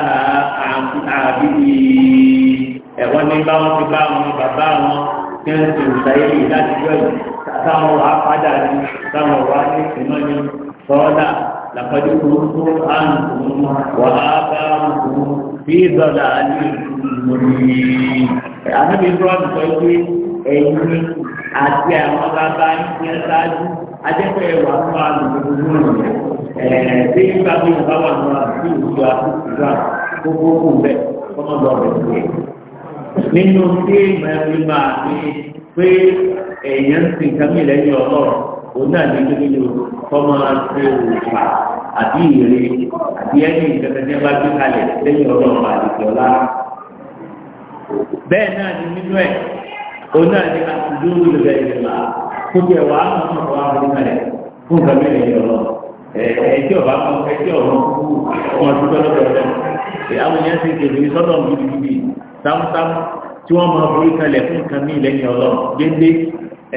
àbíbí ẹ̀wọ́n ní bá wọn ti bá wọn bàbá wọn kí wọ́n ti ṣàyè yìí láti jọ yìí ẹ̀yin àti àwọn bàbá yín ṣáájú ajẹ́pẹ́ ẹ̀wà fún alùpùpù náà ẹ̀ẹ́dẹ́ nígbà tí wọ́n bá wà ní àti ìjọ àtúntò gbogbo kù bẹ́ẹ̀ kọ́mọ́ lọ bẹ̀ sí ẹ̀. nínú tí èèyàn fi máa fi pé èèyàn ti kàmí lẹ́yìn ọlọ́run òun náà ní kíkí ló kọ́mọ́ ṣe òòfà àbí ìrè àbí ẹni ìtẹ̀tẹ̀tẹ̀ bá gbé kalẹ̀ lẹ́yìn ọlọ́run àdìsọ́lá. bẹ́ẹ̀ náà ni nínú ẹ̀ òun náà ní àtijọ́ olùgbé ìlà kókè wà á mọ̀ ọ́ wà lórí mẹ́rẹ̀ fún kàmí ẹ̀yìn ọ̀rọ̀ ẹ̀ẹ́dí ọ̀bá mọ̀ ẹ̀ẹ́dí ọ̀rọ̀ ọmọ ìdúgbò lọ́dọ̀ rẹ̀ àwọn yẹn ti kéde sọ́dọ̀ gidigidi sámúsámú tí wọ́n máa borí kalẹ̀ fún kàmí lẹ́yìn ọ̀rọ̀ dédé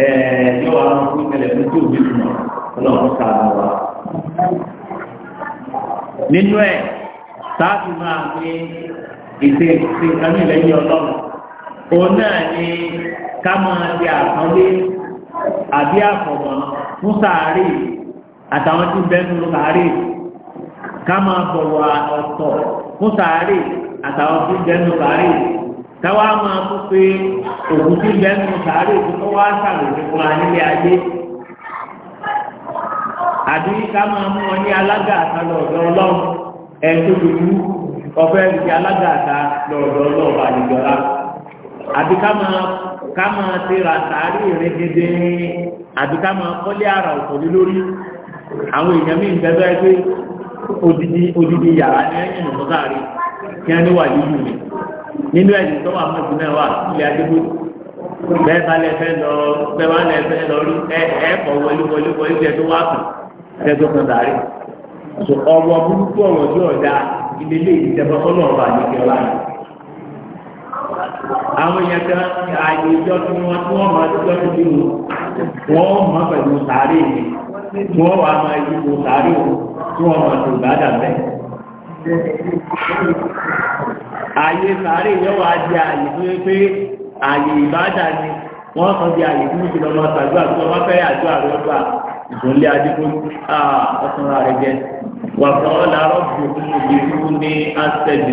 ẹ̀ẹ́dí ọ̀rọ̀ máa borí kalẹ̀ fún tí òbí sùn ọlọ́run sáà wà. nínú ẹ̀ sáà fi máa gbé ìṣe ìṣe kàmí lẹ́yìn ọlọ́run òun náà ni ká máa di àpọ́nlé àbí àfọ̀mọ́ fún sàárè àtàwọn tí bẹ́ẹ̀ nínú sàárè ká máa bọ̀wọ̀ ọ̀tọ̀ fún sàárè àtàwọn tí bẹ́ẹ̀ nínú sàárè táwa máa kó pé òkú tí bẹ́ẹ̀ nínú sàárè tó wá sàròyìn fún wa nílé ayé àbí ká máa mú ọ ní alága àta lọ́dọ̀ ọlọ́run ẹ̀ tó dùn ún ọ̀fẹ́ ìdí alága àta lọ́dọ̀ ọlọ́run àdìgbọ́lá àbí ká máa ká máa ti ra sàárì ìrẹ́gẹ́dẹ́ àbí ká máa kọ́lé ara òkò lé lórí àwọn èèyàn míì bẹ́ẹ̀ pé odidi odidi yàrá ní ẹ̀yìn ìmọ̀sáàrí kí wọ́n ní wà lílù mi nínú ẹ̀yìn tó wà mọ́tò náà wà ilé adébó bẹ́ẹ̀ bá lẹ fẹ́ lọ bẹ́ẹ̀ bá lẹ fẹ́ lọ rí ẹ ẹ kọ̀ wọlé wọlé wọlé tẹ tó wà kù tẹ kan sàárì ọ̀rọ̀ burúkú ọ̀rọ̀ tí ọ̀dà ilé ilé ìdìtẹ̀fọ́ fọ́lọ́ ọ̀rọ̀ àdìgbẹ́ àwọn èèyàn kan ààyè ìjọ tí wọ́n tí wọ́n máa jọ sí bí wọn wọ́n mọ̀ pẹ̀lú sàárè ni wọ́n wà máa yí wo sàárè o tí wọ́n máa tó gbádà bẹ́ẹ̀. ààyè sàárè yóò wá di ààyè tó yẹ pé ààyè ìbádà ni wọ́n sọ di ààyè tí wọ́n ti lọ máa tàdúrà tí wọ́n bá fẹ́ àdúrà lọ́gbà ìdúnlé adigun ọ̀sán rẹ̀ jẹ́ wà fún ọ̀là rọ́bì òkú ní asẹ́jì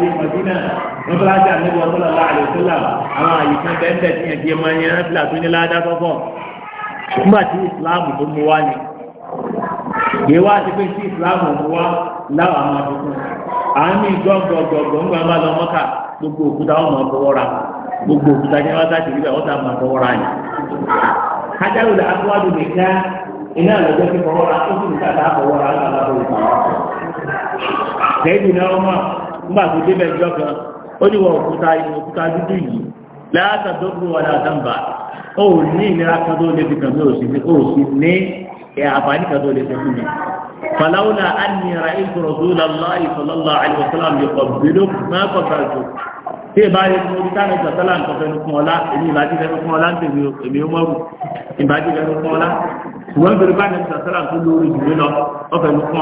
ayé mọ̀dínà mọ́sálásí àlẹ́bọ̀ sọ́lọ́lá àlùsọ́lá àwọn àyíká bẹ́ẹ̀ tí yẹn kí ẹ máa yẹn rántí làtó ní ládá sọ́kọ̀ nígbà tí ìsìláàmù tó mú wá ni kì í wá ti pé tí ìsìláàmù mú wá láwọn àwọn àdúgbò àmì gbọ̀ngbọ̀ngbọ̀ngbọ̀n ńgbà máa lọ mọ́kà gbogbo òkúta wọn máa fọwọ́ ra gbogbo òkúta ní wọn sáà ti rí bẹ́ẹ̀ wọ́n sáà máa fọwọ́ ra yìí kájáró lè aṣọ́wádò iná lọ́jọ́ ti fọwọ́ ra ó sì ní sáà tá a fọwọ́ ra láwọn àbábọ̀ ìgbà wọn nígbà tó débẹ̀ ìjọ kan ó ní wọ òkúta inú òkúta dúdú yìí láàtà tó kúrò wọn láàtà ń bà ó ní ìnira kan tó lè fi kàn mí ò sí ní ó sì ní àbáyé kan tó lè fi fún mi. fàlàwùnà ànìyàn ìtò rọ̀sùlá láì sọ̀lọ́lá àìsọ̀lám yóò kọ̀ bíló máa kọ̀ bá jù tí ìbá yẹ fún orí táwọn ìjọ sọ́lá nǹkan fẹ́nu ọlá èmi ìbájú fẹ́nu fún ọlá ń tèmi èmi ó mọ́rù ìbájú fẹ́nu ọlá ṣùgbọ́n bẹ̀rẹ̀ bá ní ìjọ sọ́lá tó lórí ìdílé lọ ọ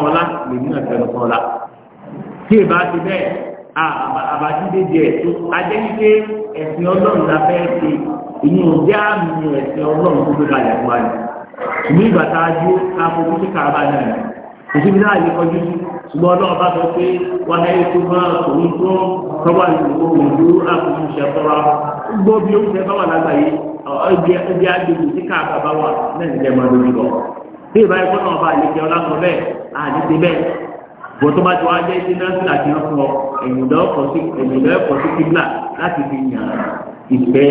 ọlá lèmi náà fẹ́nu fún ọlá tí ì bá ti bẹ́ẹ̀ àbájídé jẹ ẹ̀tọ́ adéyíké ẹ̀sìn ọlọ́run la fẹ́ ṣe ìyẹn ò jẹ́ àmì ẹ̀sìn ọlọ́run tó gbé kalẹ̀ fún wa ni ìlú ìgbà tá a dúró ká fojú sí kàràbà náà kò síbi náà lè kọjú sí ṣùgbọ́n ọlọ́run bá sọ pé wọn náà ètò máa òun tó kọ́wà lùkọ́ òǹdó àkókò ìṣẹ̀tọ́ra gbọ́ bí ó ń tẹ́ báwa lágbàáyé ibi agbègbè tí kàràbà bá wà náà ń jẹ́ máa bó tó bá jọ ajẹ́ ilé násìlà tí wọ́n fọ ẹ̀yìnlẹ́ ọkọ̀ sí kíbla láti fi yàn ìfẹ́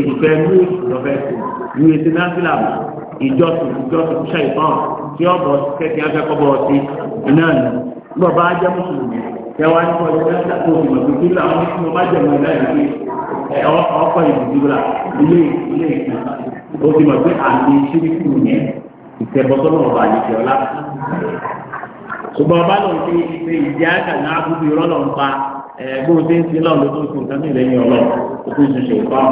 ìfẹ́ mú ìlọ́fẹ́ tó ní etí násìlà ìjọsìn ìjọsìn ṣe ìfọ́n tí ọ̀bọ̀ kẹ́kẹ́ akẹ́kọ̀ọ́bọ̀ sí iná nù bó bá jẹ́ mùsùlùmí tẹwa ní kọ́ ilé násìlà tó fi mọ̀tò kíbla wọn tí mo bá jẹ́ mọ̀ ilé ọkọ̀ ìdìbìlà ilé ilé ìkà ó ti mọ̀ pé àmì ìṣírí ṣùgbọ́n bá lòun fi ṣe ìdí àgànà àbúrò irọ́ lọ́n pa ẹ̀ẹ́dùn tí ń sin lọ́n ló tó sùn nǹkan ní ìlẹ́yìn ọlọ́run tó tó sùn ṣe ìfọ́.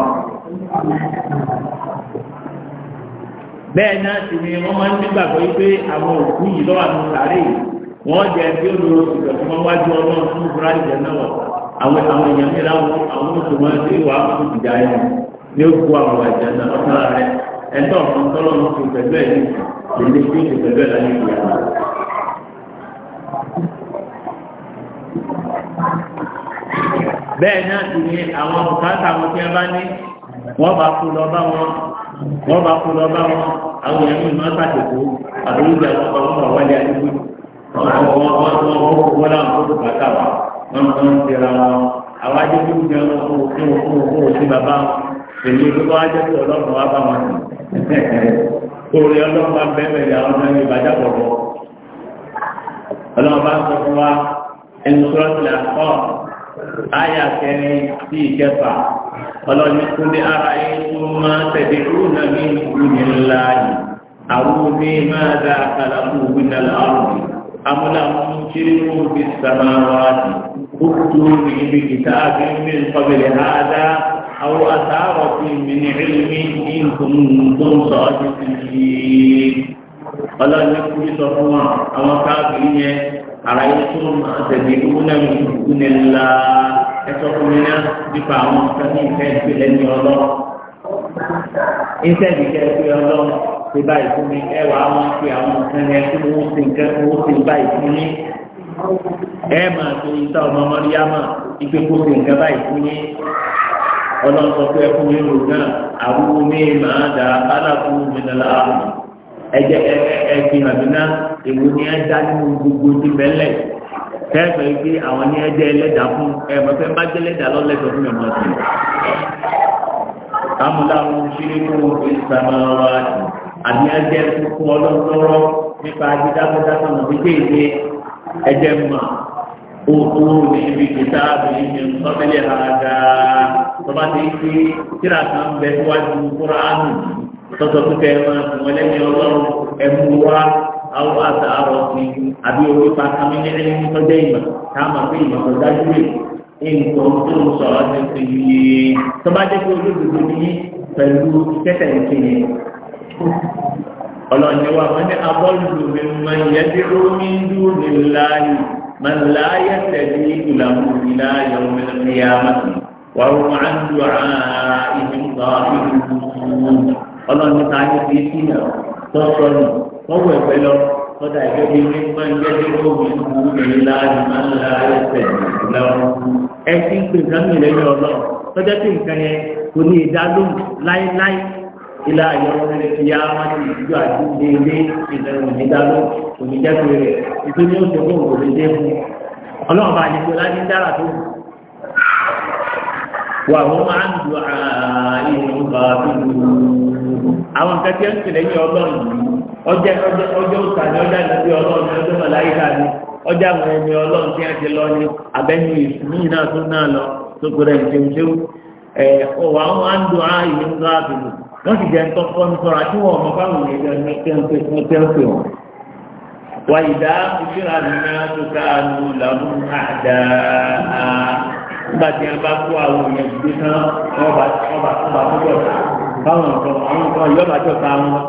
bẹ́ẹ̀ náà sì ni wọ́n máa ń nígbàgbọ́ wípé àwọn òkú yìí lọ́wọ́ àti sàárè wọ́n jẹ́ bí ó lo ìgbẹ̀fún wọn wájú ọlọ́run fún búrádìjẹ náà wọ̀ àwọn àwọn èèyàn mi láwọn àwọn oṣù máa ń ṣe wàá fún ìjà ẹni ní ó kú àwọn ìjà náà ọ̀tá rẹ ẹ̀tọ́ ọ̀kan tọ́lọ́run fi pẹ̀lú ẹ̀ ní ìlú ìlú ìpẹ̀lú ẹ̀ láyé ìyá bẹ́ẹ̀ náà sì ni àwọn bùkátà wọn tí a bá ní wọ́n bá kú lọ bá wọn wọ́n bá kú lọ bá wọn àwọn èèyàn mímọ́ sàtẹ̀kọ́ àbúrò ìjà lọ́pọ̀ lọ́pọ̀ wọlé àdúgbò wọn wọn wọn wọn wọn kó wọn الله الله في في سورة الأحقاب آية كريمة ما تدعون من من من أروني ماذا خلقوا الأرض السماوات أكتبوا بكتاب قبل هذا او اثاره من علم إن كنتم صادقين ọlọ́run ní kúrú sọ fún wa àwọn káàkiri yẹn ara yẹn tó máa tẹ̀lé kúrú náà ní kúrú ní ńlá ẹ̀sọ́ fún mi náà nípa àwọn nǹkan ní ìfẹ́ ìfẹ́ lẹ́ni ọlọ́ ìfẹ́ ìfẹ́ ìfẹ́ ọlọ́ ti báyìí fún mi ẹ wàá wọn fi àwọn nǹkan yẹn kí wọ́n ti nǹkan kí ti báyìí fún mi ẹ máa tó ìta ọmọ mọ́ríyámà ìgbé kó ti nǹkan báyìí fún mi ọlọ́run sọ pé ẹ fún mi rò náà àwọn omi máa dà á lákùú ẹjẹ ẹfi hàn mí náà èwo ni ẹ dá nínú gbogbo ti bẹ́lẹ̀ kẹ́ẹ̀fẹ́ pé àwọn ni ẹ jẹ́ ẹlẹ́dàá fún ẹ mọ̀ fẹ́ bá jẹ́ ẹlẹ́dàá lọ́lẹ́sọ̀ fún ẹ̀mọ́ sí i. kámúláwù ṣíríkù ìsàmọ́wá àbí ẹjẹ fúnfún ọlọ́sọ̀rọ̀ nípa dídákọ́dákọ́ náà fi kéde ẹjẹ mọ̀ òkú ní ibi kìtà bìí ní sọ́tẹ́lẹ̀ àgà tọ́ba ti ń pín kíra kan bẹ síwájú kúránù yìí tọ́tọ́ pípẹ́ ẹ máa fún wọn lẹ́yìn ọlọ́run ẹ̀mú wá àwọn àtà àrọ̀ sí àbí orí pa kàmí ní ẹni tó jẹ́ ìmọ̀ tá a máa fi ìmọ̀ tó dájú rè nǹkan tó ń sọ̀rọ̀ ti fi yé tó bá jẹ́ pé olódodo ní pẹ̀lú tẹ́tẹ̀ ìkíni ọlọ́ni wa wọ́n ní abọ́lùdù mi máa ń yẹ dúró ní dúró ní láàyè máa ń láàyè tẹ̀lé ìlànà ìlànà ìlànà ìyá máa wà wọ́n á ọlọ́run ní káyọ̀ fi sí náà tọ́sọ nù tọ́wọ́ ẹ̀fẹ́ lọ kọ́dà ẹ̀fẹ́ bí wọ́n máa ń jẹ́ pé omi ìlú mi láàyè máa ń la ẹsẹ̀ lọ. ẹ ti ń pè nǹkan mi lẹ́yìn ọlọ́ tọ́jọ́ pé nǹkan yẹn kò ní ìdádóhùn láéláé ilé ayọ̀ rẹ̀ ti yá wọn ti ìjọ àti ilé ìlẹ̀rùn ìdádóhùn kò ní jẹ́ pé rẹ̀ àwọn nǹkan tí ó ń tẹ̀lé yín ọlọ́run yìí ọjọ́ ọjọ́ ọjọ́ òkà ni ọjọ́ ìnàbí ọlọ́run ni ọjọ́ màláyíká ni ọjọ́ àwọn ẹni ọlọ́run tí wọ́n ti lọ ni abẹ́ni ìsúnmí náà tún náà lọ tó á ń do fáwọn èèyàn ní wọn. wà ìdá ìṣúra káàánú làwọn àdáa nígbà tí bá kó àwọn káwọn nǹkan àwọn nǹkan yóò bá jọ ta wọn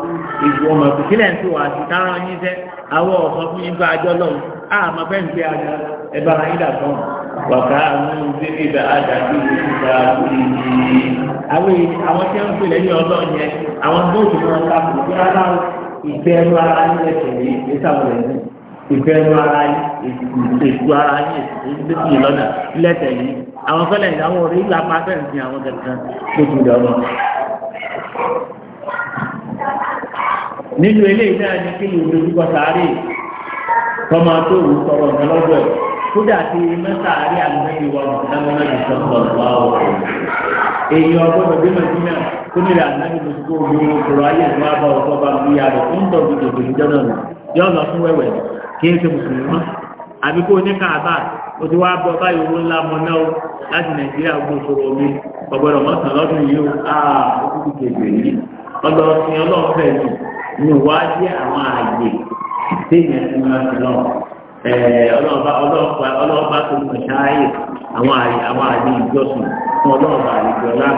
ìgbò ọmọ ìpìlẹ̀ ń tó wà sí táwọn yín sẹ́ awọ ọ̀sán fún yín bá àjọ lọ́wọ́ a máa fẹ́ ń gbé àjọ ẹ̀bá ara yín dàgbọ́n wàká àwọn ìgbé ìgbà àdàbí ìgbà ìgbì àwọn tí wọ́n ń pè lẹ́yìn ọlọ́run yẹn àwọn bóòtù wọn ta kò tó rárá ìgbẹ́ ẹnu ara yín lẹ́sẹ̀ yìí ìgbésàwọ̀ ẹ̀sìn ìgbẹ́ ẹnu ara yín ètò ara yín ètò ìlọ́nà lẹ́sẹ̀ yìí àwọn fẹ́lẹ̀ ìdáwọ̀ orí ìlàpá fẹ́ǹsì àwọn kankan tó ti dọ̀rọ̀ nínú eléyìí náà ni kí ni ìdojúkọ sáré tọ́mọ tó wù sọ̀rọ̀ nǹkan lọ́dọ̀ ẹ̀ kódà tí mẹ́tàárí àlùmẹ́yìn wà lọ́mọdé ìṣọ̀kan wà ó. èyí ọgbọ́dọ̀ bí màdínà tó nílẹ̀ àlùmẹ́yìn ló ti kó omi ìṣòro ayé ìwà bá ọgbọ́ba bí i àrẹ̀ ń bọ̀ bí dòdò náà yọ lọ fún wẹ́wẹ́ kí é ṣe mùsùlùmí àbí kó ní káàbà o ti wá bọ báyìí owó ńlá mọ náà o láti nàìjíríà gbó sọ̀rọ̀ mi ọ̀gbọ́dọ̀ mọ́sàn lọ́dún yìí o aa o kúkú kébè yìí ọ̀dọ̀ ọ̀sìn ọlọ́run fẹ́ mi ni wàá àwọn ààyè téèyàn ti máa ń lọ ọlọ́ọ̀bá ọlọ́ọ̀bá tó mọ̀ ṣááyè àwọn ààyè ìjọsìn fún ọlọ́ọ̀bá àlejò ọlá.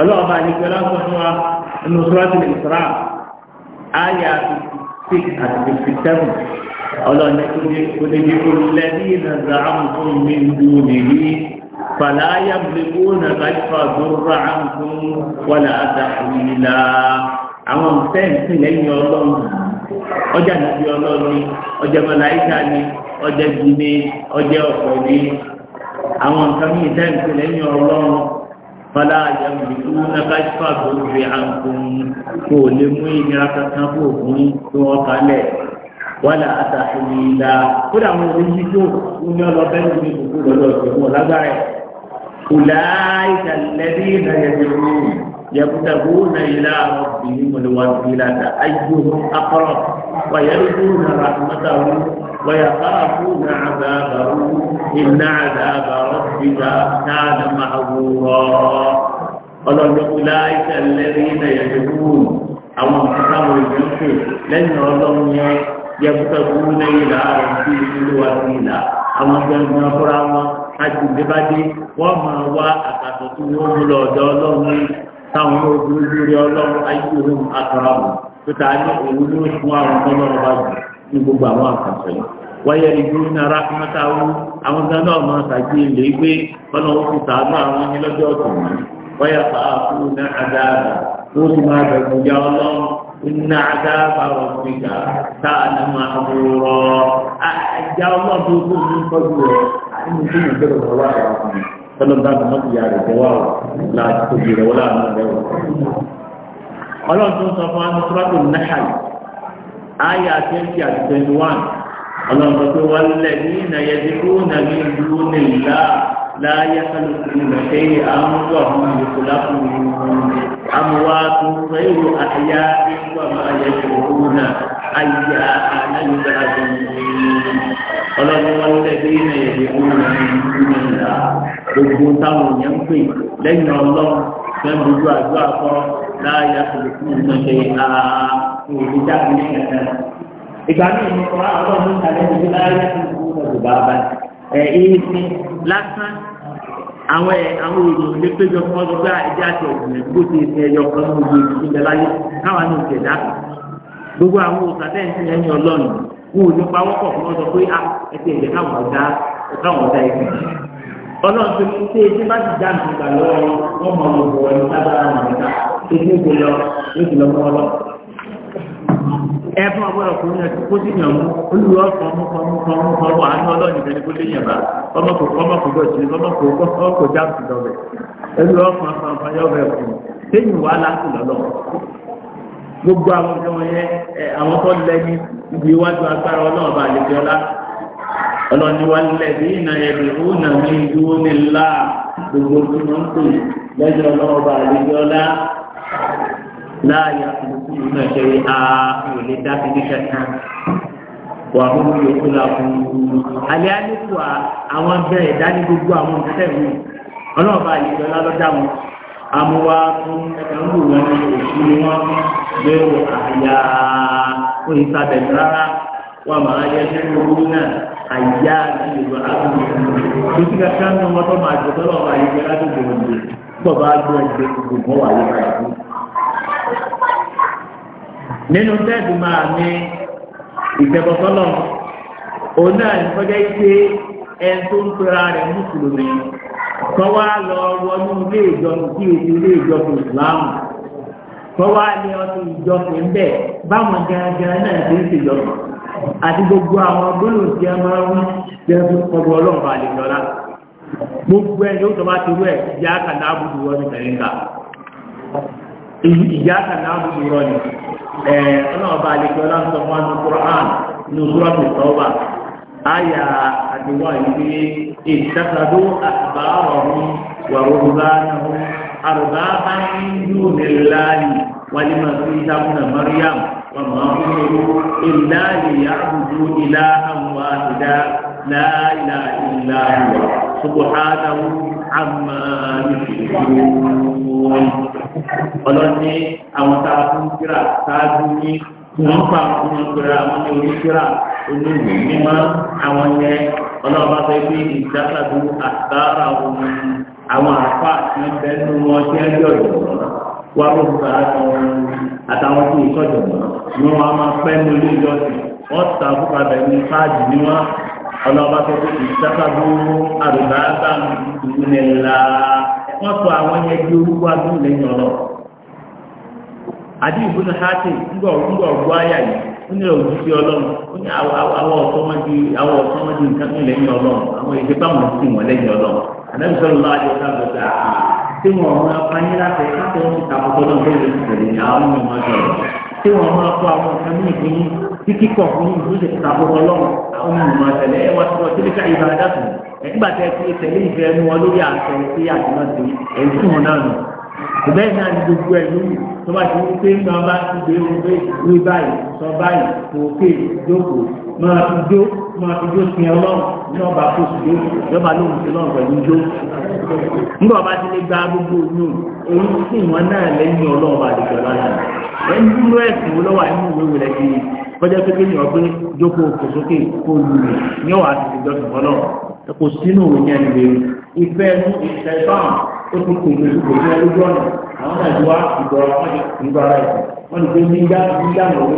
ọlọ́ọ̀bá àlejò ọlá sọ wa nínú sọ́ọ́tì ìsra àyà six àti fifty seven ọlọ́ni kòdèjì olùlẹ́bí ìrìnàzà àmùkún mi ń dùn nìyí fàlà ayàmùlẹ́kù náà láìpẹ́ àdúrà àmùkún wàlà àdàwìlà àwọn fẹ́ǹsì lẹ́yìn ọlọ́run ọjà nàbí ọlọ́run ọjà mọ̀láìkà ni ọjà jìnnì ọjà ọ̀pọ̀ ni àwọn nǹkan mìíràn fẹ́ǹsì lẹ́yìn ọlọ́run fọlá àjẹmìlú lẹ́ka ìfàgbọ́ ìwé àǹkùn kò lè mú ìnira kankan fún òfin tí wọ́n kalẹ̀ wàlà àtàkùnrin ìlà kódà àwọn oníṣẹ́ tó ní ọlọ́bẹ̀ ní ìlú kó lọ́dọ̀ ìṣòwò lágbára ẹ̀ kùlá ìtàlẹ́bí ìrìnàjẹ̀dẹ̀rù يبتغون إلى ربهم الوسيلة أيهم أقرب ويرجون رحمته ويخافون عذابه إن عذاب ربك كان محظورا قالوا أولئك الذين يجبون أو انتقموا الجنس لن يرضون يبتغون إلى ربهم الوسيلة أو انتقموا فرعون àti ìdíbádé wọ́n máa wá àkàtọ̀ tí wọ́n mú lọ ọ̀dọ̀ ọlọ́run táwọn ojú lórí ọlọ́run ayé òun àtọ̀rọ̀ tó ta ní òun ló fún àwọn ọlọ́run bá jù ní gbogbo àwọn àkàtọ̀ yìí wáyé ìlú nara mọ́tàwó àwọn gánà ọmọ ṣàgbé ilé pé ọ̀nà oṣù tààbà àwọn ní lọ́jọ́ ọ̀tún wọn wáyé fàáfù ní àdáàbà ó sì máa bẹ̀rù ya ọlọ́run iná àdáàbà ọ̀fíìgà táàdà máa wúrọ̀ àjà ọlọ́run tó ní kọjú rẹ̀ nínú tí mo gbọ́dọ̀ bọ̀ wá àwọn ọmọ tọ́lọ́ bá mi mọ́tò ya rẹ̀ bọ́ wá ọ̀ láti tóbi rẹ̀ wọ́n láàánú rẹ̀ wọ̀ ọlọ́run tó sọ fún wa ní ayé àtẹ́ǹtì àti twenty one ọlọ́run tó wà lẹ̀ ní ìnáyẹ̀dẹ́ kúrònà ní ìlú nílá láyé kálukú lọ́sẹ̀ àmúwà fún ìyókòlá fún àmúwà tó ń fẹ́ ìwò àyà ìwà máa yẹ kúrònà ayé àlàyé àjẹmọ́ ọlọ́run wà lẹ̀ ní ìnáyẹ̀dẹ́ kúrònà ní ìlú nílá gbogbo táwọn èèyàn ń pè lẹ́yìn ọlọ́run fẹ́ gbogbo àjọ àkọ́ láàyè àtòlùkù nínú ṣe àtòlùkù jáde ní ẹ̀ka. ìgbà míì ní ọ̀rọ̀ àwọn ọmọ ìta lẹ́nu ní láàyè àtòlùkù náà kò bá bá ẹ̀ ẹ̀ẹ́sì lásán àwọn ẹ̀ àwọn èèyàn lè péjọ fún ọdún gbá ẹ̀jẹ̀ àti ọ̀gbìn bó ti ṣe ẹyọ kan ní ojú ìṣẹ̀lẹ̀ láyé káwọn ní ìṣẹ̀dá gbogbo àwọn òṣàtẹ́ǹtì ẹ̀yìn ọlọ́run wọn ò ní pa wọ́pọ̀ fún ọdún pé ẹ̀jẹ̀ ìjẹ̀ káwọn ọ̀dá káwọn ọ̀dá ẹ̀jẹ̀ ètò ìgbè lọ ètò ìlọ mọ́ lọ. ẹ̀fọn ọgbọ́dọ̀ kò ní ẹ̀sìn kó sì yàn mú olùwọ́ kan mú kan ọlọ́ọ̀nì bẹ́ẹ̀ ni kó lè yàn bá ọmọ kò kọ́ ọmọ kò bọ̀ sí ọmọ kò kọ́ kò já sí lọ́bẹ̀ olùwọ́ kan kan kan yọ bẹ̀ fún sẹ́yìn wà láti lọ́lọ́ gbogbo àwọn ọmọ yẹn àwọn tó lẹ́ni ibi iwájú agbára ọlọ́ọ̀bà àlejò ọlá ọlọ́ni wa lẹ́bí iná ẹ̀bí ọ̀nà mi dúró láàyè àtúntò náà ṣe rí àwọn ilé dábì ní kankan wà fún mi yòókù là fún mi. àlẹ́ àlékù àwọn abẹ́rẹ́ ìdání gbogbo àwọn òṣìṣẹ́ mi ọlọ́run bá yìí lọ́la lọ́dá wọn amúwá fún ẹ̀ka wọn ní òṣù ni wọ́n gbèrò àyà fún ìsàbẹ̀ rárá wọ́n máa yẹ kí owó náà àyà àti àdúgbò. kò sí kankan ní ọmọ tó máa jẹ tọ́lọ́ tọba gbọ́ ẹgbẹ́ gbogbo wà lóra ẹ̀kú. nínú tẹ́ẹ̀dù máa ní ìtẹ̀bọ̀tọ́lọ̀ òun náà ní kọjá ike ẹni tó ń pera rẹ̀ mùsùlùmí kọ́wá lọ wọnú ilé ìjọsìn kí èsì ilé ìjọsìn ìsìláàmù kọ́wá ní ọdún ìjọsìn ń bẹ̀ báwọn gẹ́gẹ́ náà ti ń ṣèjọsìn àti gbogbo àwọn gbólóhùn tí a máa ń jẹ́ fún ọgbọ́n ọlọ́ọ̀bà gbogbo ẹ̀ yóò tọ́ba ti rú ẹ̀ ìyá kàdá àbùdù wọn ní tẹ̀léńgà ìyá kàdá àbùdù wọn ní ẹ̀ ọlọ́ọ̀bà àlejò ọlọ́ọ̀tọ̀ wọn ní kúrọ̀án ní kúrọ̀tù tọ́ba àyà àdìwọ̀ ìwé ìtàkàdó àtàbàrọ̀hún wàrúbánahún àrùbáhá nínú níláàlì wàlímà sí ìdáhùn Maryam wàmà ọmọrú ìláàlì yàgùdù ìlà àwọn àtìdá láìláà ìlà àwọn subhanahu amma yushrikun ọlọ́ni àwọn tá a fún kíra ṣáájú ní wọ́n pa àwọn ìgbéra àwọn ní oníkíra oníwè mímọ́ àwọn yẹn ọlọ́ọ̀bá fẹ́ bí ìdákàdú àtàrà òun àwọn àfa àti ìbẹ́nu wọn tí ń yọ̀ yọ̀ wọ́n ló ń bá àtàwọn tó ń sọ̀jọ̀ wọn ni wọ́n máa pẹ́ ní olóyè ọ̀sìn wọ́n ta fúnpa bẹ̀rù fáàdì ní wọn ọlọ́ba tó kù ìsákàbó àrùbá bá ìrìnlẹ̀ la wọ́n sọ àwọn yẹn di orúkọ adúlù lẹ́yìn ọlọ́ àdí ìbúnú hátì ńgbọ̀ ńgbọ̀ ọ̀gbọ́ àyà yìí ó ní òjú sí ọlọ́run ó ní àwọn ọ̀tọ́ wọn di àwọn ọ̀tọ́ wọn di nǹkan tó lẹ́yìn ọlọ́run àwọn èdè bá wọn sì wọ́n lẹ́yìn ọlọ́run àdáyé sọ̀rọ̀ lọ́wọ́ àjọ sábà gbà á tí wọ́n máa fani láti káfíńsì tàbí tọ́lọ́ tí kíkọ̀ fún ìdúróṣe kò tàbí ọlọ́run àwọn olùmọ̀ tẹ̀lé ẹ̀ wọ́n ti wọ́n tílé káyìí bá dàtù nígbà tẹ́ ti tẹ̀lé ìfẹ́ ẹnu wọn lórí àṣẹ tí àdúrà ti èyí tí wọn náà nù. ìbẹ́ náà ni gbogbo ẹ̀ ló tó bá ti wípé ní wọn bá ti gbé wọn pé wí báyìí sọ báyìí kò ké jókòó máa fi jó máa fi jó sin ọlọ́run ní ọba kó sì jó ìjọba lóhùn sí lọ́run pẹ̀lú jó. nígbà bá ti lè gba gbogbo oyún oyún sí ìwọ̀n náà lẹ́yìn ọlọ́run kọjá pé kéèyàn pé jókòó kò sókè kó lulẹ̀ ní ọ̀wà àti ìjọsìn fọlọ́ kò sínú òun yẹn lè ìfẹ́ ẹnu ìfẹ́ fáwọn ó ti pè ní ìgbò ní ọdún ọ̀nà àwọn náà wá ìgbọ̀ ìgbọ̀ ara ẹ̀sìn wọ́n ti pé nígbà nígbà lọ́wọ́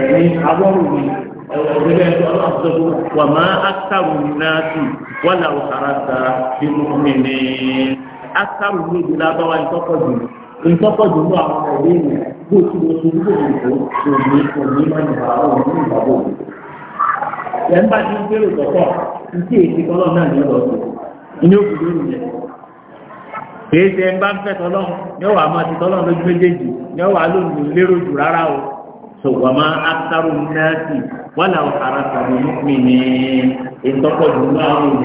ẹ̀yìn abọ́rù mi ọ̀gbẹ́lẹ̀ ọlọ́sọ̀gbọ̀ wà máa ákàrù náà sí wọ́n làwọn ará ta bí mo mi ní ákàrù méjì lábáwá ìtọ́kọ̀jù ìtọ́kọ̀jù mú àwọn ọ̀gbẹ́ bó ti mo ṣe ń bò ní ìbò òní òní máa ń bá òní ní ìbábò mi. Ìyá ń bá ti ń gbèrò tọ̀tọ̀ ní tí èsì kọ́lọ́ náà ní ọ̀dọ̀ tó ní òkú lórí yẹn. Kìí ṣe ń bá ń fẹ́ tọ́lọ́ ní ọ̀wà máa ti tọ́lọ́ lójú méjèèjì ní ọ̀wà lónìí lérò jù rárá o. Sọ̀gbọ́n máa ákítárò náàtì wọ́n là ń fara sàmì mí ní ìtọ́pọ̀ jù láàrin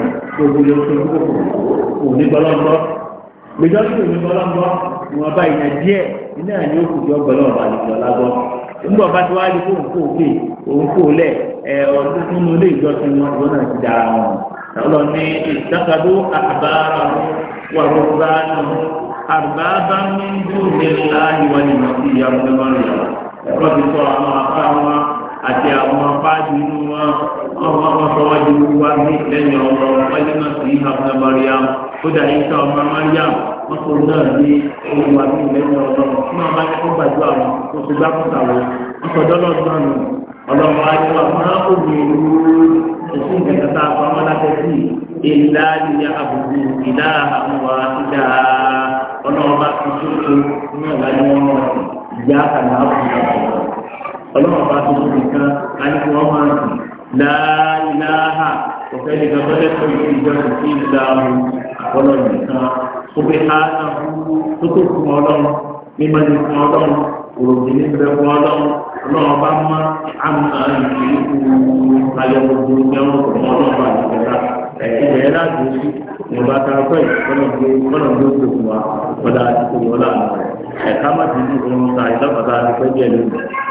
òní gbọ́lọ́ńtọ́ gbèjọ́sí òní gbọ́lọ́gbọ́ ìwọ̀n bá ìyẹn díẹ̀ iná ní ó kù jọ gbọ́lọ́ ọ̀bà àlejò ọ̀làgbọ́ nígbà bá ti wá di fóun kó òkè òun kó lẹ̀ ẹ̀ ọdún nínú ilé ìjọsìn wọn ìwọ náà ti dára wọn. lọ ní ìdákadó àbára wà lọ́gbà náà àgbà bá ń dúró ní láàyè wọn ni màá fi ìyá ọmọdé wọn rẹ̀ ẹ̀kọ́ ti sọ àwọn afáwọn àti àwọn apáàdì inú wọn ọmọ ọmọsọwọ́dì wíwá ní lẹ́yìn ọmọ ọmọdéná sí ìhàbùnà mariam ó dà ní sọ ọmọ mariam wọn kò náà ní ohun àbí lẹ́yìn ọmọ náà bá ní kó gbàdúrà wọn kó ti gbá kó sàwọn wọn sọ dọ́lọ́ náà nù ọlọ́mọ àyẹ̀wò àfọ̀nà òbí ìlú ẹ̀sìn ìgbàgbọ́ta àpamọ́ látẹ̀sí ìlà ìyá àbùkù ìlà àwọn ìdá ọlọ́mọba tuntun ní ọ̀gá ni ọlọ́run bá tó fún nìkan káyọ̀ wọ́n máa ń sùn láàláhà ọ̀fẹ́ nìkan bọ́lẹ̀ tó yẹ ìjọsìn sí ìlàrú àkọlọ́ nìkan tó fi há náà tó tó fún ọlọ́run mímọ́ ní fún ọlọ́run òròdì ní bẹ fún ọlọ́run ọlọ́run bá má àmà ìlú ayọ̀ gbogbo ní ọmọ ọmọ ọlọ́run bá ti bẹ̀rẹ̀ láti sí ìwọ̀nba ta ọkọ̀ yìí kọ́nà gbé fún wa ọ̀dà àti kòyọ́lá ẹ̀ka má ti ní ìfowópamọ́ta ìlọ́pàá ta ní pẹ́jẹ́ lónìí.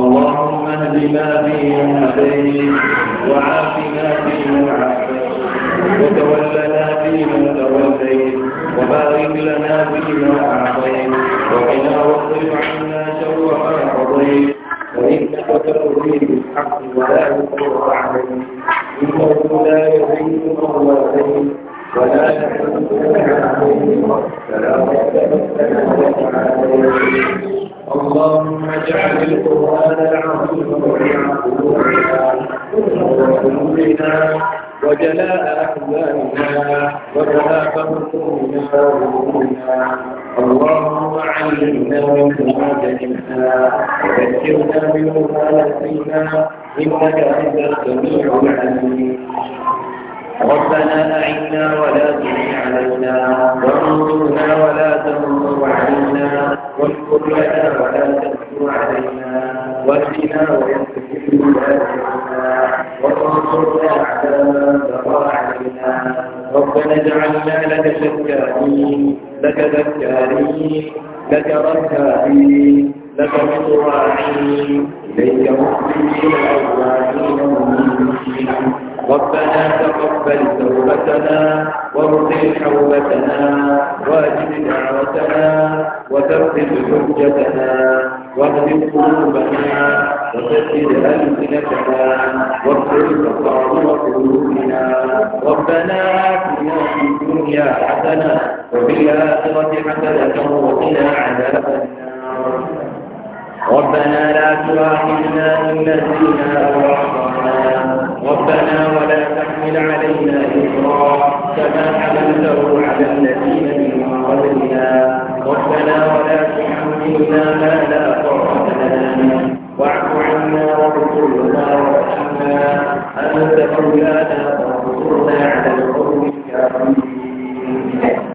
اللهم اهدنا فيمن هديت وعافنا فيمن عافيت وتولنا فيمن توليت وبارك لنا فيما اعطيت وقنا واصرف عنا شر ما قضيت فانك تقضي بالحق ولا يقر عليك انه لا يزيد من ولا اللهم اجعل القرآن العظيم ربيع قلوبنا وجلاء أحزاننا وذهاب همومنا وهمومنا اللهم علمنا مما جهلنا وذكرنا بما نسينا إنك أنت السميع العليم ربنا أعنا ولا تجعلنا علينا وانصرنا ولا تنصر علينا واشكر لنا ولا تشكر علينا واهدنا ويسر لنا وانصرنا على من علينا ربنا اجعلنا لك شكارين لك ذكارين لك ركابين لك الراعين إليك مخرجين الأوائين المنزلين ربنا تقبل توبتنا وارضي حوبتنا واجب دعوتنا وثبت حجتنا واهدم قلوبنا وسدد ألسنتنا واغفر تصاعد قلوبنا ربنا آتنا في الدنيا حسنة وفي الآخرة حسنة وقنا عذاب النار ربنا لا تؤاخذنا إن نسينا أو ربنا ولا تحمل علينا إصرا كما حملته على الذين من قبلنا ربنا ولا تحملنا ما لا طاقة لنا واعف عنا واغفر وارحمنا أنت مولانا وانصرنا على القوم الكافرين